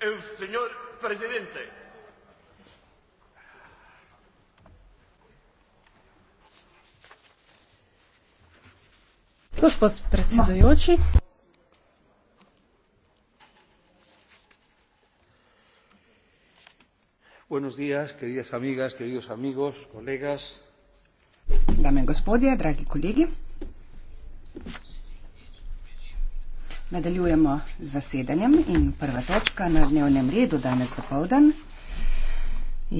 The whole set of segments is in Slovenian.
el señor presidente. Gospod predsedujoči. Buenos días, queridas amigas, queridos amigos, colegas. Dame gospodje, dragi kolegi. Nadaljujemo z zasedanjem in prva točka na dnevnem redu danes do povdan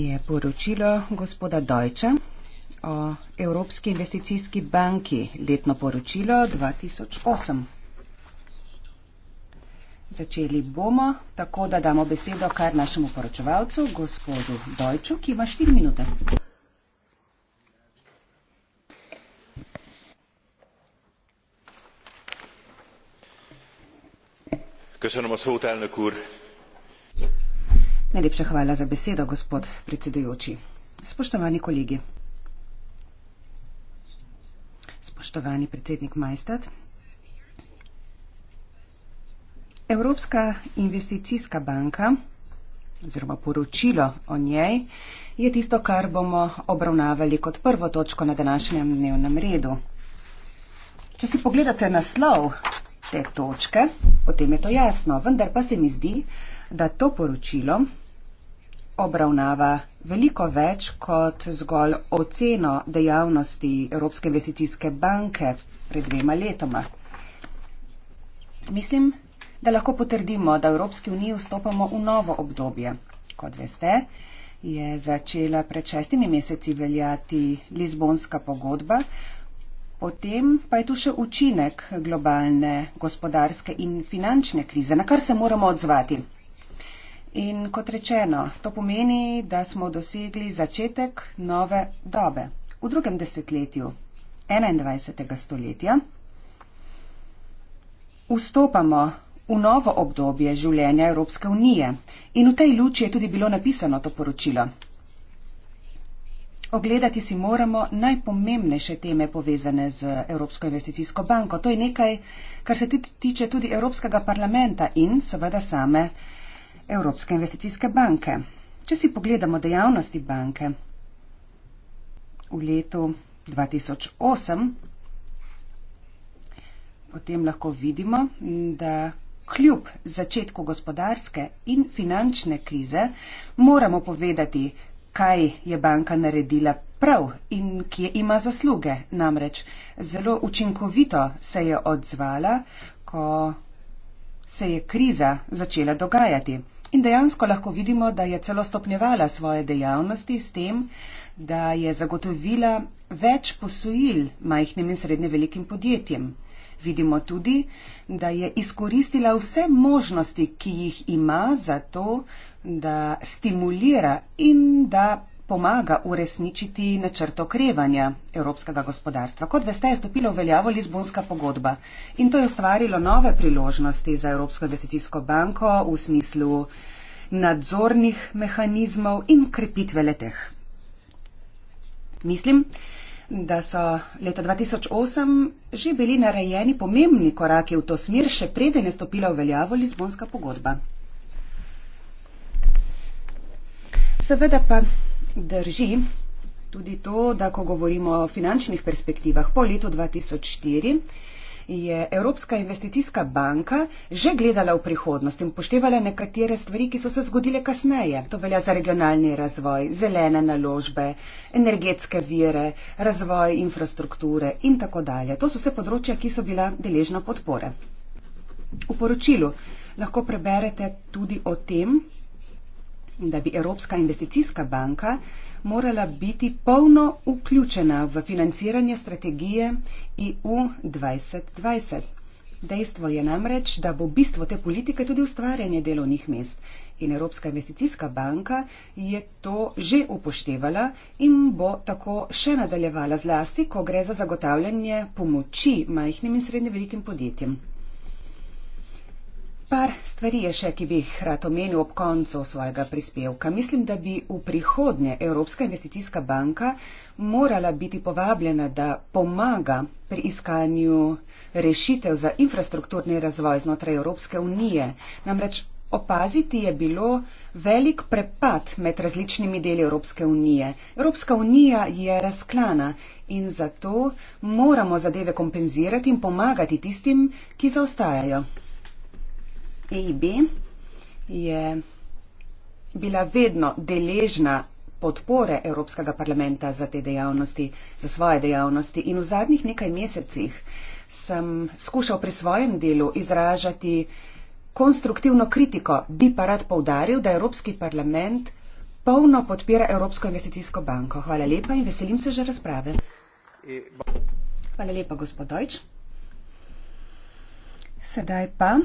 je poročilo gospoda Dojča o Evropski investicijski banki letno poročilo 2008. Začeli bomo tako, da damo besedo kar našemu poročevalcu, gospodu Dojču, ki ima 4 minute. Najlepša hvala za besedo, gospod predsedujoči. Spoštovani kolegi. Spoštovani predsednik Majstad. Evropska investicijska banka oziroma poročilo o njej je tisto, kar bomo obravnavali kot prvo točko na današnjem dnevnem redu. Če si pogledate naslov te točke, potem je to jasno. Vendar pa se mi zdi, da to poročilo obravnava veliko več kot zgolj oceno dejavnosti Evropske investicijske banke pred dvema letoma. Mislim, da lahko potrdimo, da v Evropski uniji vstopamo v novo obdobje. Kot veste, je začela pred šestimi meseci veljati Lizbonska pogodba, Potem pa je tu še učinek globalne gospodarske in finančne krize, na kar se moramo odzvati. In kot rečeno, to pomeni, da smo dosegli začetek nove dobe v drugem desetletju 21. stoletja. Vstopamo v novo obdobje življenja Evropske unije in v tej luči je tudi bilo napisano to poročilo. Ogledati si moramo najpomembnejše teme povezane z Evropsko investicijsko banko. To je nekaj, kar se tiče tudi Evropskega parlamenta in seveda same Evropske investicijske banke. Če si pogledamo dejavnosti banke v letu 2008, potem lahko vidimo, da kljub začetku gospodarske in finančne krize moramo povedati, kaj je banka naredila prav in kje ima zasluge. Namreč zelo učinkovito se je odzvala, ko se je kriza začela dogajati. In dejansko lahko vidimo, da je celo stopnjevala svoje dejavnosti s tem, da je zagotovila več posojil majhnim in srednje velikim podjetjem. Vidimo tudi, da je izkoristila vse možnosti, ki jih ima za to, da stimulira in da pomaga uresničiti načrt okrevanja evropskega gospodarstva. Kot veste, je stopila v veljavo Lizbonska pogodba in to je ustvarilo nove priložnosti za Evropsko investicijsko banko v smislu nadzornih mehanizmov in krepitve leteh. Mislim, da so leta 2008 že bili narejeni pomembni koraki v to smer, še preden je stopila v veljavo Lizbonska pogodba. Seveda pa drži tudi to, da ko govorimo o finančnih perspektivah po letu 2004, je Evropska investicijska banka že gledala v prihodnost in poštevala nekatere stvari, ki so se zgodile kasneje. To velja za regionalni razvoj, zelene naložbe, energetske vire, razvoj infrastrukture in tako dalje. To so vse področja, ki so bila deležna podpore. V poročilu lahko preberete tudi o tem, da bi Evropska investicijska banka morala biti polno vključena v financiranje strategije EU 2020. Dejstvo je namreč, da bo bistvo te politike tudi ustvarjanje delovnih mest. In Evropska investicijska banka je to že upoštevala in bo tako še nadaljevala zlasti, ko gre za zagotavljanje pomoči majhnim in srednje velikim podjetjem. Par stvari je še, ki bi jih rad omenil ob koncu svojega prispevka. Mislim, da bi v prihodnje Evropska investicijska banka morala biti povabljena, da pomaga pri iskanju rešitev za infrastrukturni razvoj znotraj Evropske unije. Namreč opaziti je bilo velik prepad med različnimi deli Evropske unije. Evropska unija je razklana in zato moramo zadeve kompenzirati in pomagati tistim, ki zaostajajo. EIB je bila vedno deležna podpore Evropskega parlamenta za te dejavnosti, za svoje dejavnosti in v zadnjih nekaj mesecih sem skušal pri svojem delu izražati konstruktivno kritiko. Bi pa rad povdaril, da Evropski parlament polno podpira Evropsko investicijsko banko. Hvala lepa in veselim se že razprave. Hvala lepa, gospod Dojč. Sedaj pa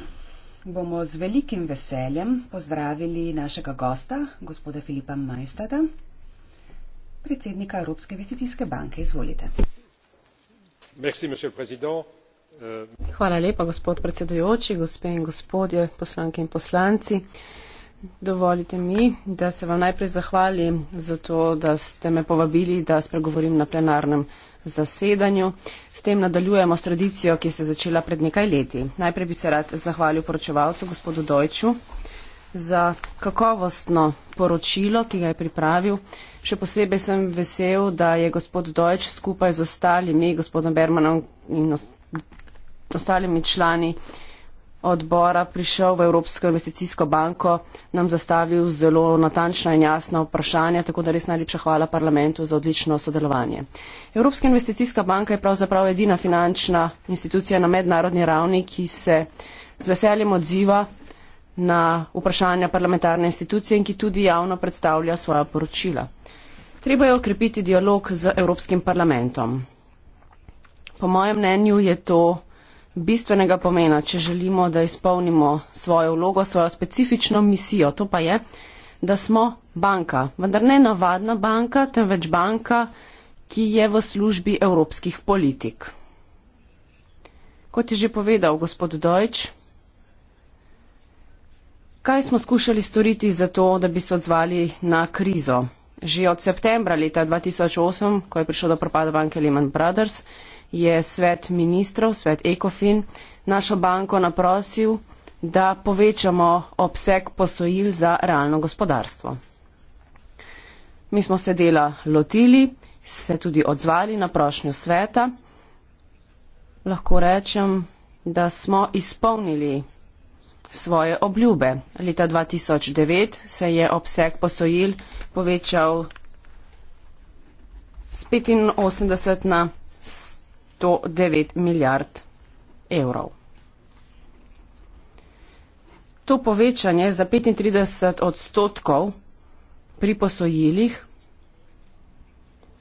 bomo z velikim veseljem pozdravili našega gosta, gospoda Filipa Majstada, predsednika Evropske investicijske banke. Izvolite. Merci, euh, Hvala lepa, gospod predsedujoči, gospe in gospodje, poslanke in poslanci. Dovolite mi, da se vam najprej zahvalim za to, da ste me povabili, da spregovorim na plenarnem zasedanju. S tem nadaljujemo s tradicijo, ki se je začela pred nekaj leti. Najprej bi se rad zahvalil poročevalcu gospodu Dojču za kakovostno poročilo, ki ga je pripravil. Še posebej sem vesel, da je gospod Dojč skupaj z ostalimi, gospodom Bermanom in ostalimi člani, uh, odbora prišel v Evropsko investicijsko banko, nam zastavil zelo natančna in jasna vprašanja, tako da res najlepša hvala parlamentu za odlično sodelovanje. Evropska investicijska banka je pravzaprav edina finančna institucija na mednarodni ravni, ki se z veseljem odziva na vprašanja parlamentarne institucije in ki tudi javno predstavlja svoja poročila. Treba je okrepiti dialog z Evropskim parlamentom. Po mojem mnenju je to bistvenega pomena, če želimo, da izpolnimo svojo vlogo, svojo specifično misijo. To pa je, da smo banka, vendar ne navadna banka, temveč banka, ki je v službi evropskih politik. Kot je že povedal gospod Dojč, kaj smo skušali storiti za to, da bi se odzvali na krizo? Že od septembra leta 2008, ko je prišlo do propada banke Lehman Brothers, je svet ministrov, svet ECOFIN, našo banko naprosil, da povečamo obseg posojil za realno gospodarstvo. Mi smo se dela lotili, se tudi odzvali na prošnjo sveta. Lahko rečem, da smo izpolnili svoje obljube. Leta 2009 se je obseg posojil povečal z 85 na 100. 109 milijard evrov. To povečanje za 35 odstotkov pri posojilih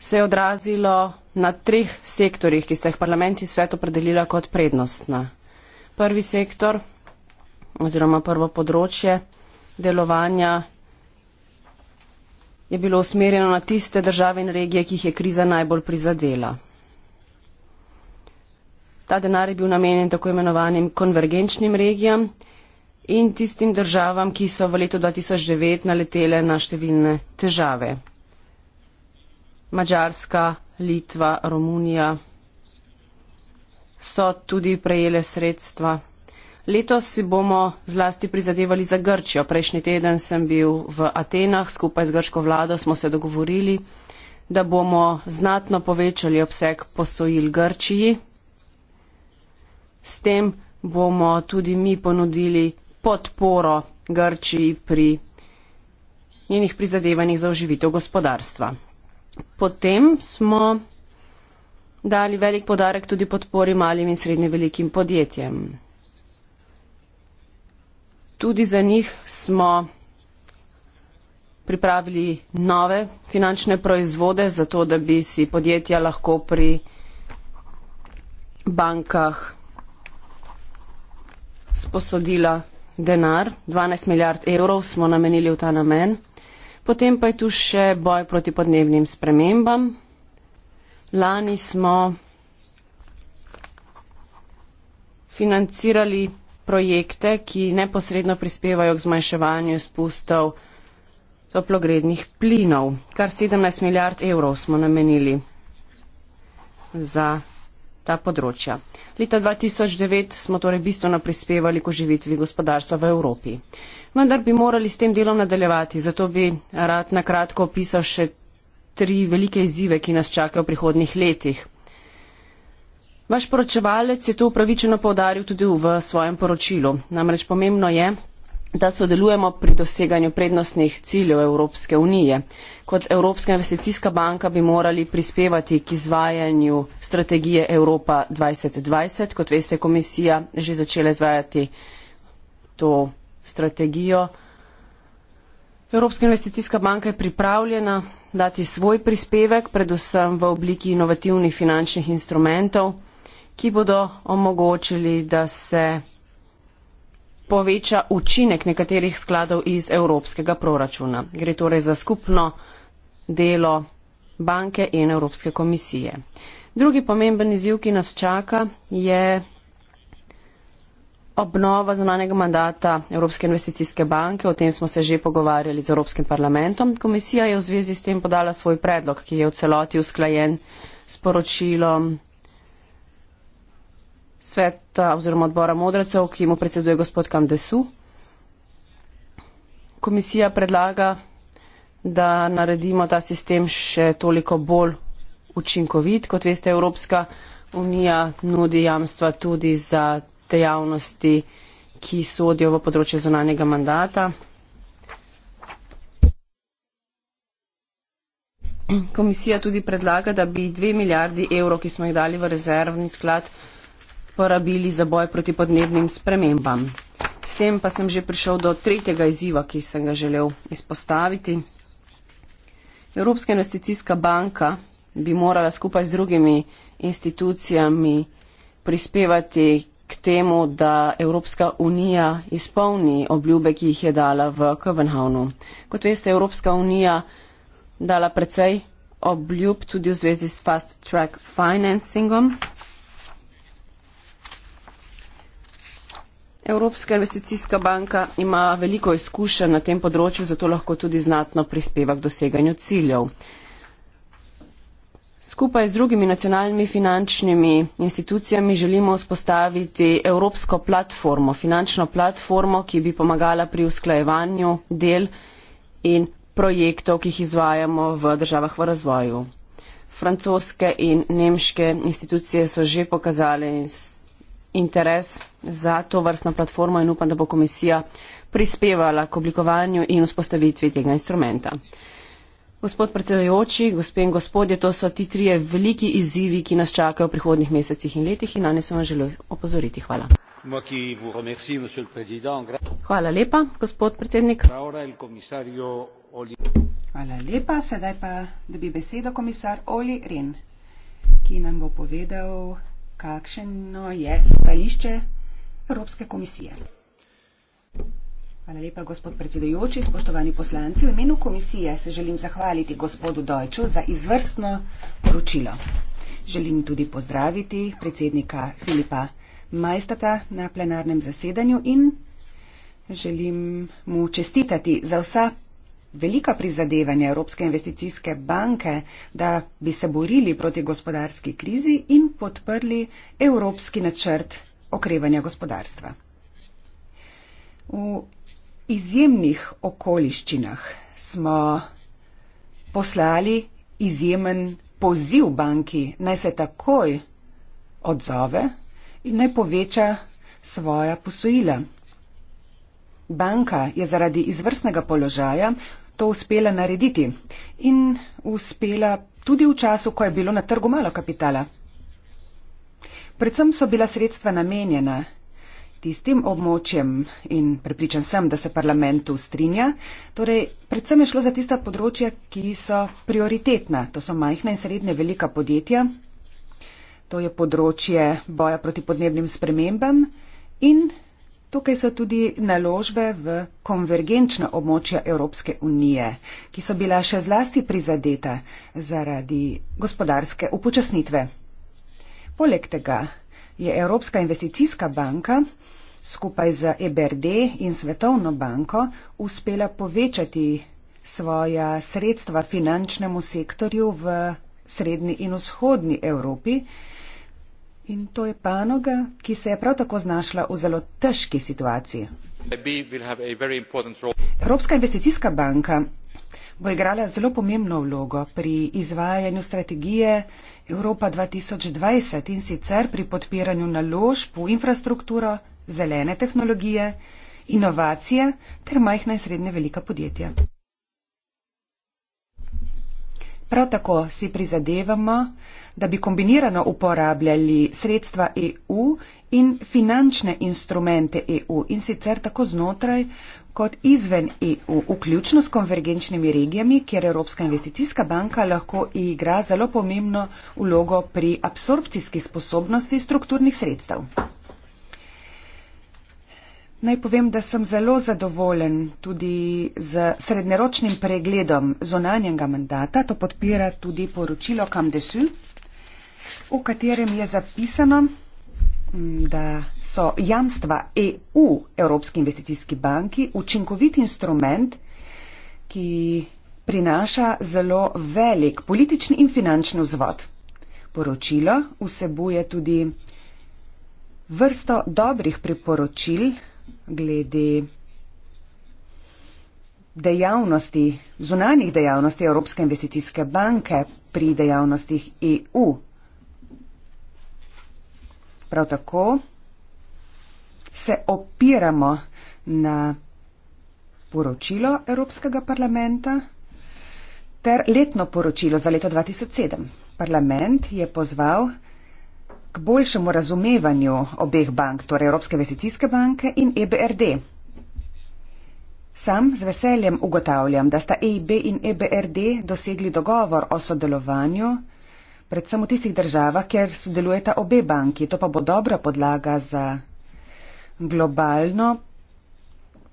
se je odrazilo na treh sektorjih, ki ste jih parlament in svet opredelila kot prednostna. Prvi sektor oziroma prvo področje delovanja je bilo usmerjeno na tiste države in regije, ki jih je kriza najbolj prizadela. Ta denar je bil namenjen tako imenovanim konvergenčnim regijam in tistim državam, ki so v letu 2009 naletele na številne težave. Mačarska, Litva, Romunija so tudi prejele sredstva. Letos si bomo zlasti prizadevali za Grčijo. Prejšnji teden sem bil v Atenah, skupaj z grško vlado smo se dogovorili, da bomo znatno povečali obseg posojil Grčiji. S tem bomo tudi mi ponudili podporo Grčiji pri njenih prizadevanjih za oživitev gospodarstva. Potem smo dali velik podarek tudi podpori malim in srednje velikim podjetjem. Tudi za njih smo pripravili nove finančne proizvode, zato da bi si podjetja lahko pri bankah sposodila denar, 12 milijard evrov smo namenili v ta namen. Potem pa je tu še boj proti podnebnim spremembam. Lani smo financirali projekte, ki neposredno prispevajo k zmanjševanju izpustov toplogrednih plinov. Kar 17 milijard evrov smo namenili za ta področja. Leta 2009 smo torej bistveno prispevali k oživitvi gospodarstva v Evropi. Vendar bi morali s tem delom nadaljevati, zato bi rad na kratko opisal še tri velike izzive, ki nas čakajo v prihodnih letih. Vaš poročevalec je to upravičeno povdaril tudi v svojem poročilu. Namreč pomembno je, da sodelujemo pri doseganju prednostnih ciljev Evropske unije. Kot Evropska investicijska banka bi morali prispevati k izvajanju strategije Evropa 2020. Kot veste, komisija že začela izvajati to strategijo. Evropska investicijska banka je pripravljena dati svoj prispevek, predvsem v obliki inovativnih finančnih instrumentov, ki bodo omogočili, da se poveča učinek nekaterih skladov iz evropskega proračuna. Gre torej za skupno delo banke in Evropske komisije. Drugi pomemben izjiv, ki nas čaka, je obnova zunanjega mandata Evropske investicijske banke. O tem smo se že pogovarjali z Evropskim parlamentom. Komisija je v zvezi s tem podala svoj predlog, ki je v celoti usklajen s poročilom sveta oziroma odbora modracev, ki mu predseduje gospod Kamdesu. Komisija predlaga, da naredimo ta sistem še toliko bolj učinkovit. Kot veste, Evropska unija nudi jamstva tudi za dejavnosti, ki sodijo v področje zunanjega mandata. Komisija tudi predlaga, da bi dve milijardi evrov, ki smo jih dali v rezervni sklad, porabili za boj proti podnebnim spremembam. S tem pa sem že prišel do tretjega izziva, ki sem ga želel izpostaviti. Evropska investicijska banka bi morala skupaj z drugimi institucijami prispevati k temu, da Evropska unija izpolni obljube, ki jih je dala v Kopenhavnu. Kot veste, Evropska unija dala precej obljub tudi v zvezi s fast track financingom. Evropska investicijska banka ima veliko izkušenj na tem področju, zato lahko tudi znatno prispeva k doseganju ciljev. Skupaj z drugimi nacionalnimi finančnimi institucijami želimo vzpostaviti evropsko platformo, finančno platformo, ki bi pomagala pri usklajevanju del in projektov, ki jih izvajamo v državah v razvoju. Francoske in nemške institucije so že pokazali in interes za to vrstno platformo in upam, da bo komisija prispevala k oblikovanju in vzpostavitvi tega instrumenta. Gospod predsedujoči, gospe in gospodje, to so ti trije veliki izzivi, ki nas čakajo v prihodnih mesecih in letih in na ne sem vam želel opozoriti. Hvala. Hvala lepa, gospod predsednik. Hvala lepa, sedaj pa dobi besedo komisar Oli Ren, ki nam bo povedal kakšno je stališče Evropske komisije. Hvala lepa, gospod predsedujoči, spoštovani poslanci. V imenu komisije se želim zahvaliti gospodu Dojču za izvrstno poročilo. Želim tudi pozdraviti predsednika Filipa Majstata na plenarnem zasedanju in želim mu čestitati za vsa velika prizadevanja Evropske investicijske banke, da bi se borili proti gospodarski krizi in podprli evropski načrt okrevanja gospodarstva. V izjemnih okoliščinah smo poslali izjemen poziv banki, naj se takoj odzove in naj poveča svoja posojila. Banka je zaradi izvrstnega položaja to uspela narediti in uspela tudi v času, ko je bilo na trgu malo kapitala. Predvsem so bila sredstva namenjena tistim območjem in prepričan sem, da se parlamentu strinja. Torej, predvsem je šlo za tista področja, ki so prioritetna. To so majhna in srednje velika podjetja. To je področje boja proti podnebnim spremembam in Tukaj so tudi naložbe v konvergenčna območja Evropske unije, ki so bila še zlasti prizadeta zaradi gospodarske upočasnitve. Poleg tega je Evropska investicijska banka skupaj z EBRD in Svetovno banko uspela povečati svoja sredstva finančnemu sektorju v srednji in vzhodni Evropi, In to je panoga, ki se je prav tako znašla v zelo težki situaciji. Evropska investicijska banka bo igrala zelo pomembno vlogo pri izvajanju strategije Evropa 2020 in sicer pri podpiranju naložb v infrastrukturo, zelene tehnologije, inovacije ter majhna in srednje velika podjetja. Prav tako si prizadevamo, da bi kombinirano uporabljali sredstva EU in finančne instrumente EU in sicer tako znotraj kot izven EU, vključno s konvergenčnimi regijami, kjer Evropska investicijska banka lahko igra zelo pomembno ulogo pri absorpcijski sposobnosti strukturnih sredstev. Naj povem, da sem zelo zadovoljen tudi z srednjeročnim pregledom zonanjega mandata. To podpira tudi poročilo Kamdesu, v katerem je zapisano, mm, da so jamstva EU Evropski investicijski banki učinkovit instrument, ki prinaša zelo velik politični in finančni vzvod. Poročilo vsebuje tudi vrsto dobrih priporočil, glede dejavnosti, zunanjih dejavnosti Evropske investicijske banke pri dejavnostih EU. Prav tako se opiramo na poročilo Evropskega parlamenta ter letno poročilo za leto 2007. Parlament je pozval k boljšemu razumevanju obeh bank, torej Evropske investicijske banke in EBRD. Sam z veseljem ugotavljam, da sta EIB in EBRD dosegli dogovor o sodelovanju, predvsem v tistih državah, kjer sodelujeta obe banki. To pa bo dobra podlaga za globalno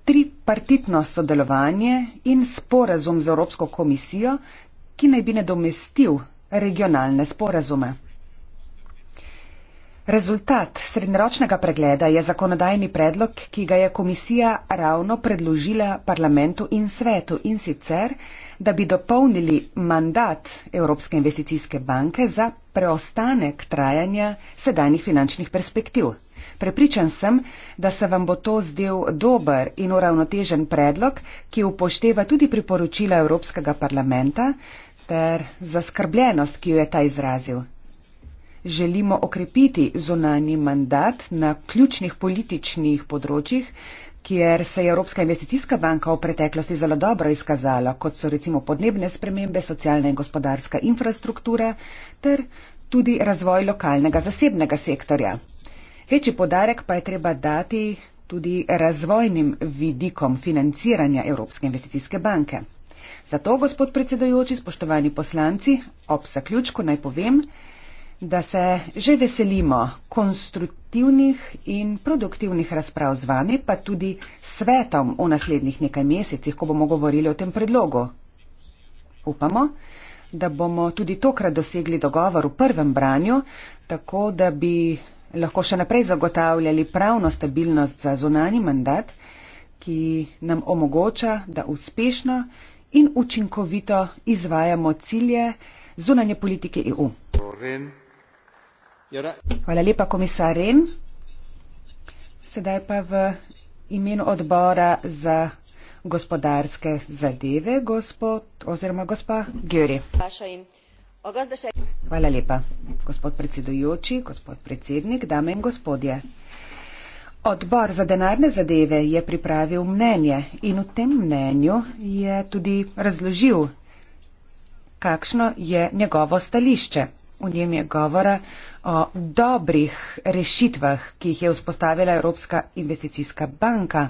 tripartitno sodelovanje in sporazum z Evropsko komisijo, ki naj bi nadomestil regionalne sporazume. Rezultat srednjeročnega pregleda je zakonodajni predlog, ki ga je komisija ravno predložila parlamentu in svetu in sicer, da bi dopolnili mandat Evropske investicijske banke za preostanek trajanja sedanjih finančnih perspektiv. Prepričan sem, da se vam bo to zdel dober in uravnotežen predlog, ki upošteva tudi priporočila Evropskega parlamenta ter zaskrbljenost, ki jo je ta izrazil želimo okrepiti zunani mandat na ključnih političnih področjih, kjer se je Evropska investicijska banka v preteklosti zelo dobro izkazala, kot so recimo podnebne spremembe, socialna in gospodarska infrastruktura ter tudi razvoj lokalnega zasebnega sektorja. Večji podarek pa je treba dati tudi razvojnim vidikom financiranja Evropske investicijske banke. Zato, gospod predsedujoči, spoštovani poslanci, ob zaključku naj povem, da se že veselimo konstruktivnih in produktivnih razprav z vami, pa tudi svetom v naslednjih nekaj mesecih, ko bomo govorili o tem predlogu. Upamo, da bomo tudi tokrat dosegli dogovor v prvem branju, tako da bi lahko še naprej zagotavljali pravno stabilnost za zunani mandat, ki nam omogoča, da uspešno in učinkovito izvajamo cilje zunanje politike EU. Torej. Hvala lepa, komisar Ren. Sedaj pa v imenu odbora za gospodarske zadeve, gospod oziroma gospa Gjuri. Hvala lepa, gospod predsedujoči, gospod predsednik, dame in gospodje. Odbor za denarne zadeve je pripravil mnenje in v tem mnenju je tudi razložil, kakšno je njegovo stališče. V njem je govora o dobrih rešitvah, ki jih je vzpostavila Evropska investicijska banka.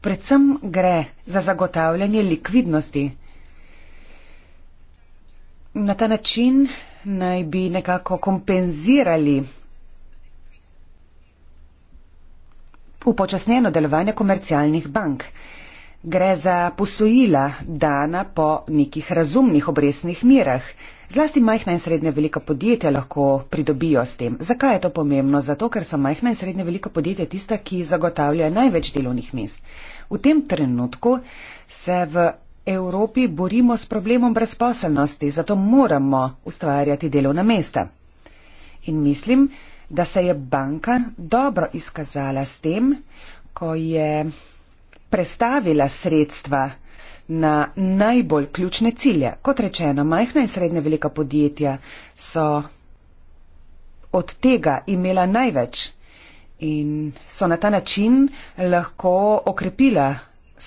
Predvsem gre za zagotavljanje likvidnosti. Na ta način naj bi nekako kompenzirali upočasnjeno delovanje komercialnih bank. Gre za posojila dana po nekih razumnih obresnih mirah, Zlasti majhna in srednja velika podjetja lahko pridobijo s tem. Zakaj je to pomembno? Zato, ker so majhna in srednja velika podjetja tista, ki zagotavljajo največ delovnih mest. V tem trenutku se v Evropi borimo s problemom brezposelnosti, zato moramo ustvarjati delovna mesta. In mislim, da se je banka dobro izkazala s tem, ko je prestavila sredstva na najbolj ključne cilje. Kot rečeno, majhna in srednje velika podjetja so od tega imela največ in so na ta način lahko okrepila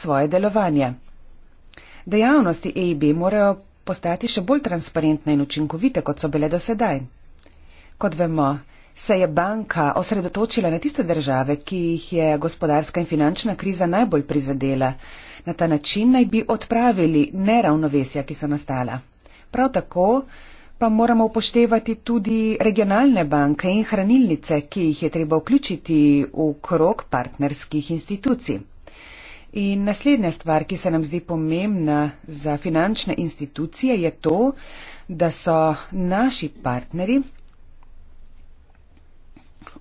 svoje delovanje. Dejavnosti EIB morajo postati še bolj transparentne in učinkovite, kot so bile do sedaj. Kot vemo, se je banka osredotočila na tiste države, ki jih je gospodarska in finančna kriza najbolj prizadela. Na ta način naj bi odpravili neravnovesja, ki so nastala. Prav tako pa moramo upoštevati tudi regionalne banke in hranilnice, ki jih je treba vključiti v krok partnerskih institucij. In naslednja stvar, ki se nam zdi pomembna za finančne institucije, je to, da so naši partneri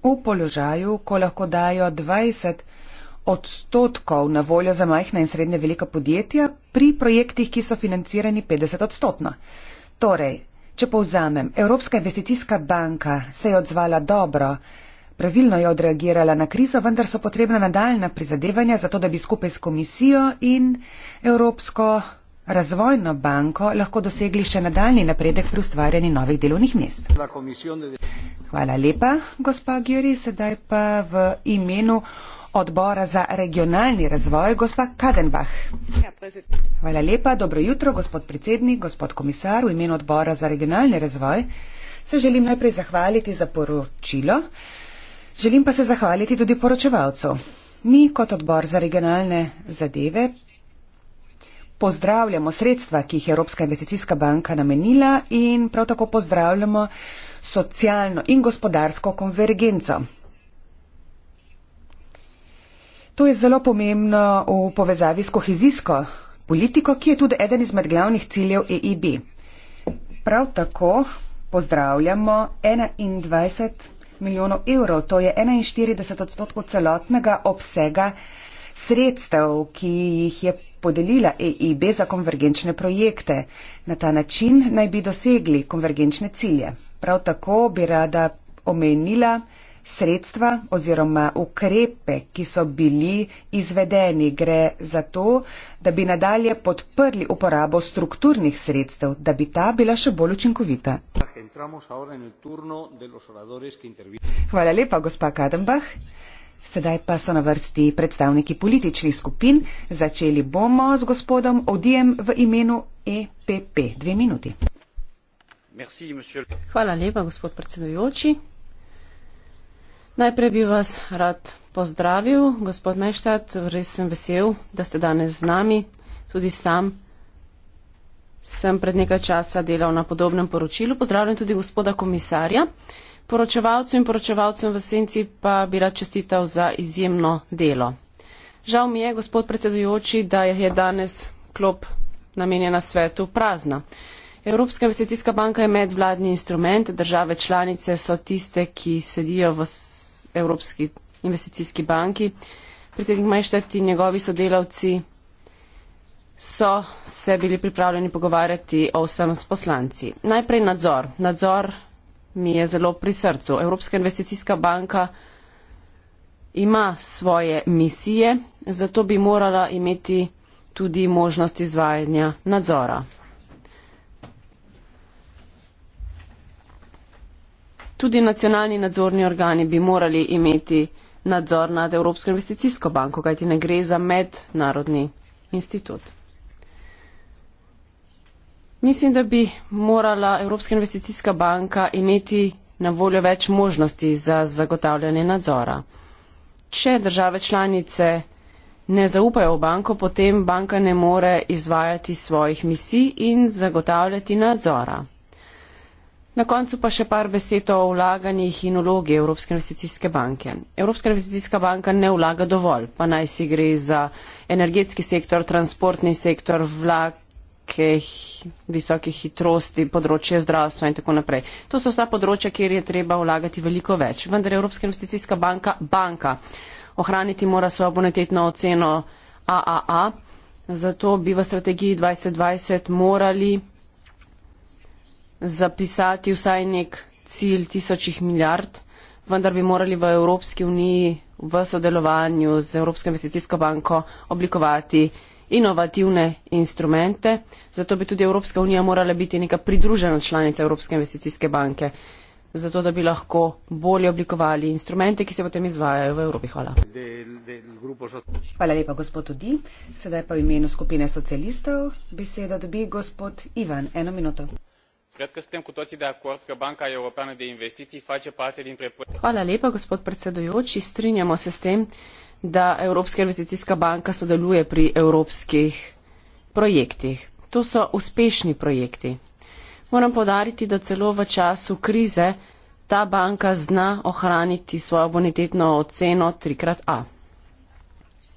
v položaju, ko lahko dajo 20 odstotkov na voljo za majhna in srednje velika podjetja pri projektih, ki so financirani 50 odstotno. Torej, če povzamem, Evropska investicijska banka se je odzvala dobro, pravilno je odreagirala na krizo, vendar so potrebna nadaljna prizadevanja za to, da bi skupaj s komisijo in Evropsko razvojno banko lahko dosegli še nadaljni napredek pri ustvarjanju novih delovnih mest. Hvala lepa, gospa Gjuri, sedaj pa v imenu odbora za regionalni razvoj, gospa Kadenbach. Hvala lepa, dobro jutro, gospod predsednik, gospod komisar, v imenu odbora za regionalni razvoj se želim najprej zahvaliti za poročilo, želim pa se zahvaliti tudi poročevalcu. Mi kot odbor za regionalne zadeve pozdravljamo sredstva, ki jih je Evropska investicijska banka namenila in prav tako pozdravljamo socialno in gospodarsko konvergenco. To je zelo pomembno v povezavi s kohezijsko politiko, ki je tudi eden izmed glavnih ciljev EIB. Prav tako pozdravljamo 21 milijonov evrov, to je 41 odstotkov celotnega obsega sredstev, ki jih je podelila EIB za konvergenčne projekte. Na ta način naj bi dosegli konvergenčne cilje. Prav tako bi rada omenila, sredstva oziroma ukrepe, ki so bili izvedeni, gre za to, da bi nadalje podprli uporabo strukturnih sredstev, da bi ta bila še bolj učinkovita. Hvala lepa, gospa Kadenbach. Sedaj pa so na vrsti predstavniki političnih skupin. Začeli bomo z gospodom Odijem v imenu EPP. Dve minuti. Hvala lepa, gospod predsedujoči. Najprej bi vas rad pozdravil, gospod Meštat, res sem vesel, da ste danes z nami. Tudi sam sem pred nekaj časa delal na podobnem poročilu. Pozdravljam tudi gospoda komisarja. Poročevalcu in poročevalcem v senci pa bi rad čestital za izjemno delo. Žal mi je, gospod predsedujoči, da je danes klop namenjena svetu prazna. Evropska investicijska banka je medvladni instrument, države članice so tiste, ki sedijo v Evropski investicijski banki. Predsednik Majštet in njegovi sodelavci so se bili pripravljeni pogovarjati o vsem s poslanci. Najprej nadzor. Nadzor mi je zelo pri srcu. Evropska investicijska banka ima svoje misije, zato bi morala imeti tudi možnost izvajanja nadzora. tudi nacionalni nadzorni organi bi morali imeti nadzor nad Evropsko investicijsko banko, kajti ne gre za mednarodni institut. Mislim, da bi morala Evropska investicijska banka imeti na voljo več možnosti za zagotavljanje nadzora. Če države članice ne zaupajo v banko, potem banka ne more izvajati svojih misij in zagotavljati nadzora. Na koncu pa še par besed o vlaganjih in vlogi Evropske investicijske banke. Evropska investicijska banka ne vlaga dovolj, pa naj si gre za energetski sektor, transportni sektor, vlake, visoke hitrosti, področje zdravstva in tako naprej. To so vsa področja, kjer je treba vlagati veliko več. Vendar Evropska investicijska banka, banka, ohraniti mora svojo bonitetno oceno AAA, zato bi v strategiji 2020 morali zapisati vsaj nek cilj tisočih milijard, vendar bi morali v Evropski uniji v sodelovanju z Evropsko investicijsko banko oblikovati inovativne instrumente. Zato bi tudi Evropska unija morala biti neka pridružena članica Evropske investicijske banke, zato da bi lahko bolje oblikovali instrumente, ki se potem izvajajo v Evropi. Hvala. Hvala lepa, gospod Udi. Sedaj pa v imenu skupine socialistov beseda dobi gospod Ivan. Eno minuto cred că suntem cu toții de acord că banca europeană de investiții face parte dintre. Hvala lepa, gospod predsedujoči. Strinjamo se s tem, da Evropska investicijska banka sodeluje pri evropskih projektih. To so uspešni projekti. Moram podariti, da celo v času krize ta banka zna ohraniti svojo bonitetno oceno 3xA.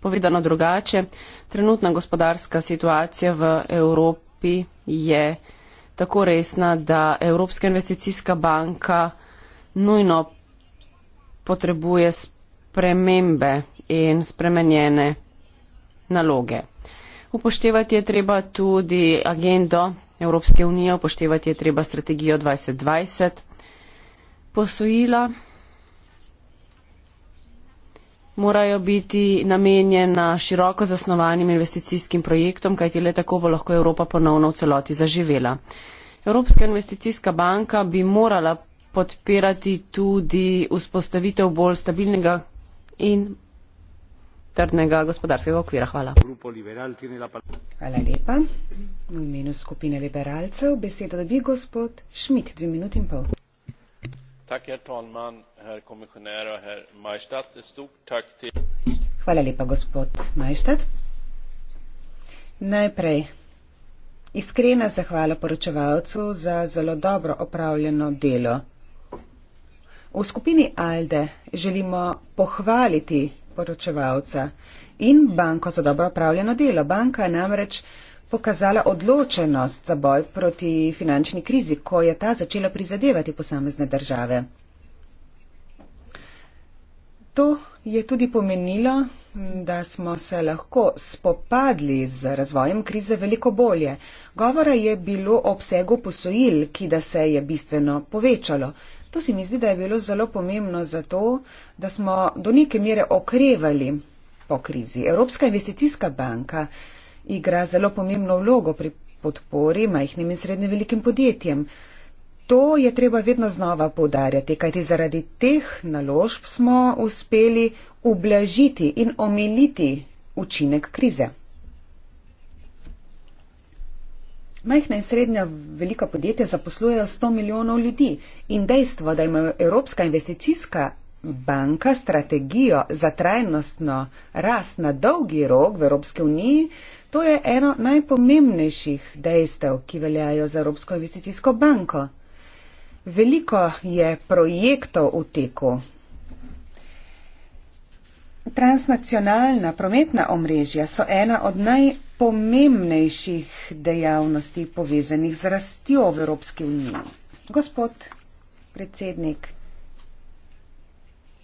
Povedano drugače, trenutna gospodarska situacija v Evropi je tako resna, da Evropska investicijska banka nujno potrebuje spremembe in spremenjene naloge. Upoštevati je treba tudi agendo Evropske unije, upoštevati je treba strategijo 2020. Posojila morajo biti namenjena široko zasnovanim investicijskim projektom, kajti le tako bo lahko Evropa ponovno v celoti zaživela. Evropska investicijska banka bi morala podpirati tudi vzpostavitev bolj stabilnega in trdnega gospodarskega okvira. Hvala. Hvala lepa. V imenu skupine liberalcev besedo dobi gospod Šmit, dve minuti in pol. Hvala lepa, gospod Majstad. Najprej iskrena zahvala poročevalcu za zelo dobro opravljeno delo. V skupini ALDE želimo pohvaliti poročevalca in banko za dobro opravljeno delo. Banka namreč pokazala odločenost za boj proti finančni krizi, ko je ta začela prizadevati posamezne države. To je tudi pomenilo, da smo se lahko spopadli z razvojem krize veliko bolje. Govora je bilo o obsegu posojil, ki da se je bistveno povečalo. To se mi zdi, da je bilo zelo pomembno zato, da smo do neke mere okrevali po krizi. Evropska investicijska banka igra zelo pomembno vlogo pri podpori majhnim in srednje velikim podjetjem. To je treba vedno znova povdarjati, kajti zaradi teh naložb smo uspeli ublažiti in omiliti učinek krize. Majhna in srednja velika podjetja zaposlujejo 100 milijonov ljudi in dejstvo, da imajo Evropska investicijska banka strategijo za trajnostno rast na dolgi rok v Evropski uniji, to je eno najpomembnejših dejstev, ki veljajo za Evropsko investicijsko banko. Veliko je projektov v teku. Transnacionalna prometna omrežja so ena od najpomembnejših dejavnosti povezanih z rastjo v Evropski uniji. Gospod predsednik,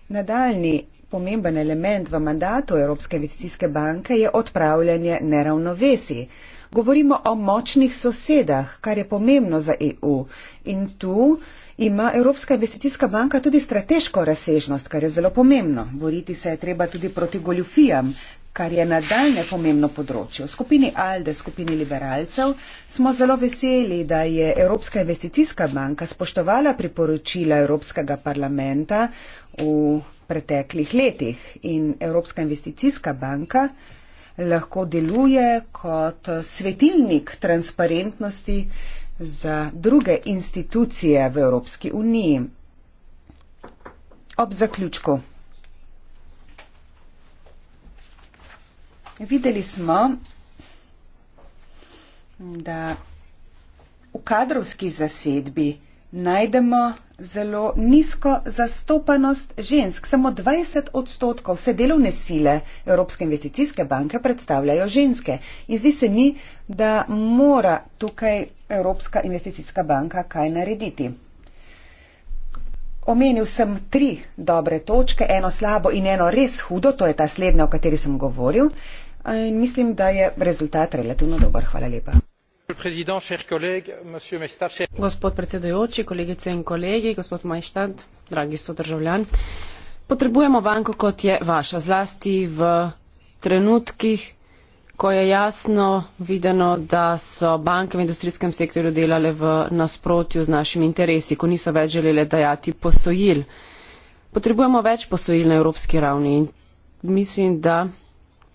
Nadaljni pomemben element v mandatu Evropske investicijske banke je odpravljanje neravnovesij. Govorimo o močnih sosedah, kar je pomembno za EU. In tu ima Evropska investicijska banka tudi strateško razsežnost, kar je zelo pomembno. Boriti se je treba tudi proti goljufijam, kar je nadaljne pomembno področje. V skupini ALDE, skupini liberalcev, smo zelo veseli, da je Evropska investicijska banka spoštovala priporočila Evropskega parlamenta v preteklih letih in Evropska investicijska banka lahko deluje kot svetilnik transparentnosti za druge institucije v Evropski uniji. Ob zaključku Videli smo, da v kadrovski zasedbi najdemo zelo nizko zastopanost žensk. Samo 20 odstotkov vse delovne sile Evropske investicijske banke predstavljajo ženske. In zdi se mi, da mora tukaj Evropska investicijska banka kaj narediti. Omenil sem tri dobre točke, eno slabo in eno res hudo, to je ta slednja, o kateri sem govoril in mislim, da je rezultat relativno dober. Hvala lepa. Gospod predsedujoči, kolegice in kolegi, gospod Majštant, dragi sodržavljan. Potrebujemo banko, kot je vaša, zlasti v trenutkih, ko je jasno videno, da so banke v industrijskem sektorju delale v nasprotju z našimi interesi, ko niso več želele dajati posojil. Potrebujemo več posojil na evropski ravni in mislim, da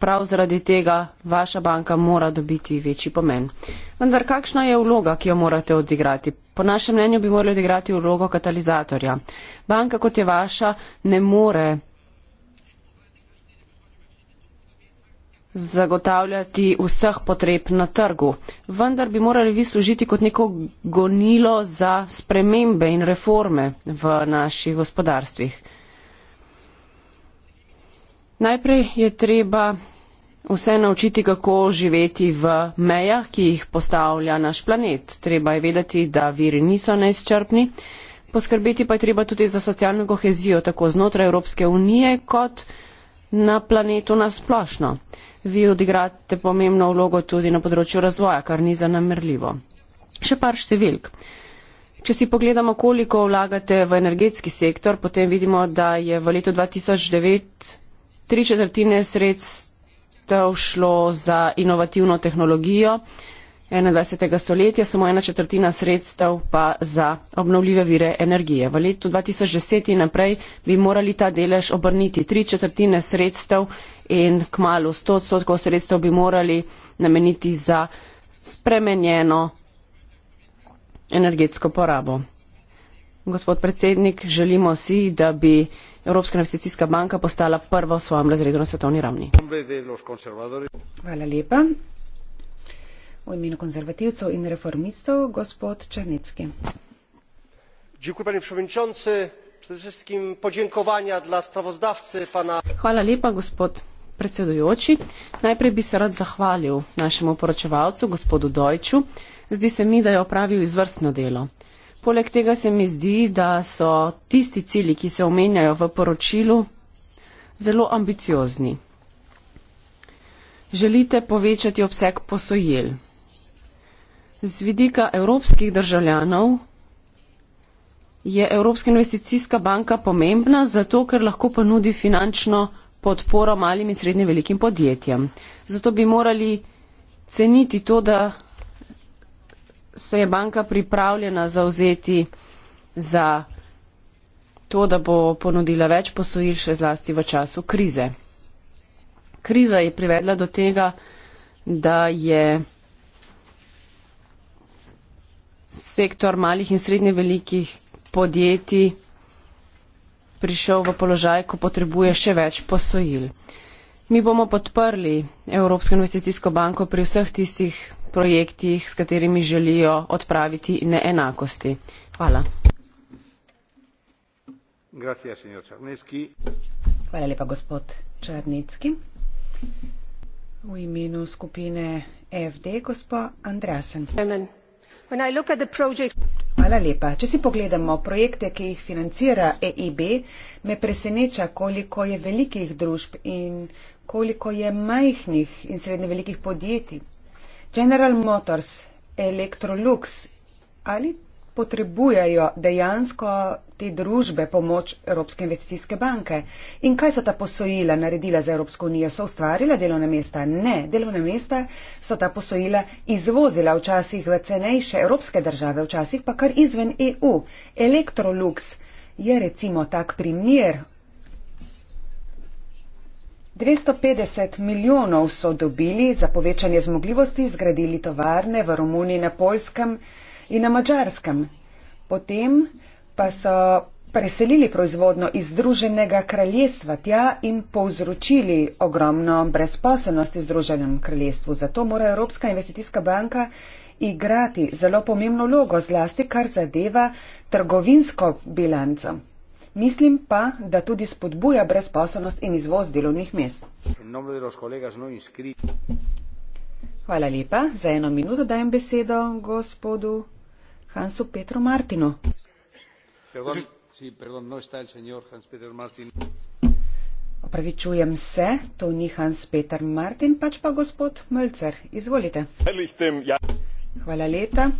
prav zaradi tega vaša banka mora dobiti večji pomen. Vendar kakšna je vloga, ki jo morate odigrati? Po našem mnenju bi morali odigrati vlogo katalizatorja. Banka kot je vaša ne more zagotavljati vseh potreb na trgu. Vendar bi morali vi služiti kot neko gonilo za spremembe in reforme v naših gospodarstvih. Najprej je treba vse naučiti, kako živeti v mejah, ki jih postavlja naš planet. Treba je vedeti, da viri niso neizčrpni. Poskrbeti pa je treba tudi za socialno kohezijo, tako znotraj Evropske unije, kot na planetu nasplošno. Vi odigrate pomembno vlogo tudi na področju razvoja, kar ni zanemrljivo. Še par številk. Če si pogledamo, koliko vlagate v energetski sektor, potem vidimo, da je v letu 2009 tri četrtine sredstv rešitev šlo za inovativno tehnologijo 21. stoletja, samo ena četrtina sredstev pa za obnovljive vire energije. V letu 2010 in naprej bi morali ta delež obrniti tri četrtine sredstev in k malu 100 odstotkov sredstev bi morali nameniti za spremenjeno energetsko porabo. Gospod predsednik, želimo si, da bi evropska investicijska banka postala prva v svojem razredu na svetovni ravni. Hvala lepa. V imenu konzervativcev in reformistov, gospod Črnecki. Hvala lepa, gospod predsedujoči. Najprej bi se rad zahvalil našemu poročevalcu, gospodu Dojču. Zdi se mi, da je opravil izvrstno delo. Poleg tega se mi zdi, da so tisti cili, ki se omenjajo v poročilu, zelo ambiciozni. Želite povečati obseg posojil. Z vidika evropskih državljanov je Evropska investicijska banka pomembna, zato ker lahko ponudi finančno podporo malim in srednje velikim podjetjem. Zato bi morali ceniti to, da se je banka pripravljena zauzeti za to, da bo ponudila več posojil, še zlasti v času krize. Kriza je privedla do tega, da je sektor malih in srednje velikih podjetij prišel v položaj, ko potrebuje še več posojil. Mi bomo podprli Evropsko investicijsko banko pri vseh tistih projektih, s katerimi želijo odpraviti neenakosti. Hvala. Hvala lepa, gospod Črnitski. V imenu skupine FD, gospod Andrasen. Hvala lepa. Če si pogledamo projekte, ki jih financira EIB, me preseneča, koliko je velikih družb in koliko je majhnih in srednje velikih podjetij. General Motors, Electrolux, ali potrebujejo dejansko te družbe pomoč Evropske investicijske banke? In kaj so ta posojila naredila za Evropsko unijo? So ustvarila delovne mesta? Ne, delovne mesta so ta posojila izvozila včasih v cenejše evropske države, včasih pa kar izven EU. Electrolux je recimo tak primer 250 milijonov so dobili za povečanje zmogljivosti, zgradili tovarne v Romuniji, na Polskem in na Mačarskem. Potem pa so preselili proizvodno iz Združenega kraljestva tja in povzročili ogromno brezposobnosti v Združenem kraljestvu. Zato mora Evropska investicijska banka igrati zelo pomembno vlogo, zlasti kar zadeva trgovinsko bilanco mislim pa, da tudi spodbuja brezposobnost in izvoz delovnih mest. No Hvala lepa. Za eno minuto dajem besedo gospodu Hansu Petru Martinu. No Opravičujem se, to ni Hans Peter Martin, pač pa gospod Mölcer. Izvolite. Hvala lepa.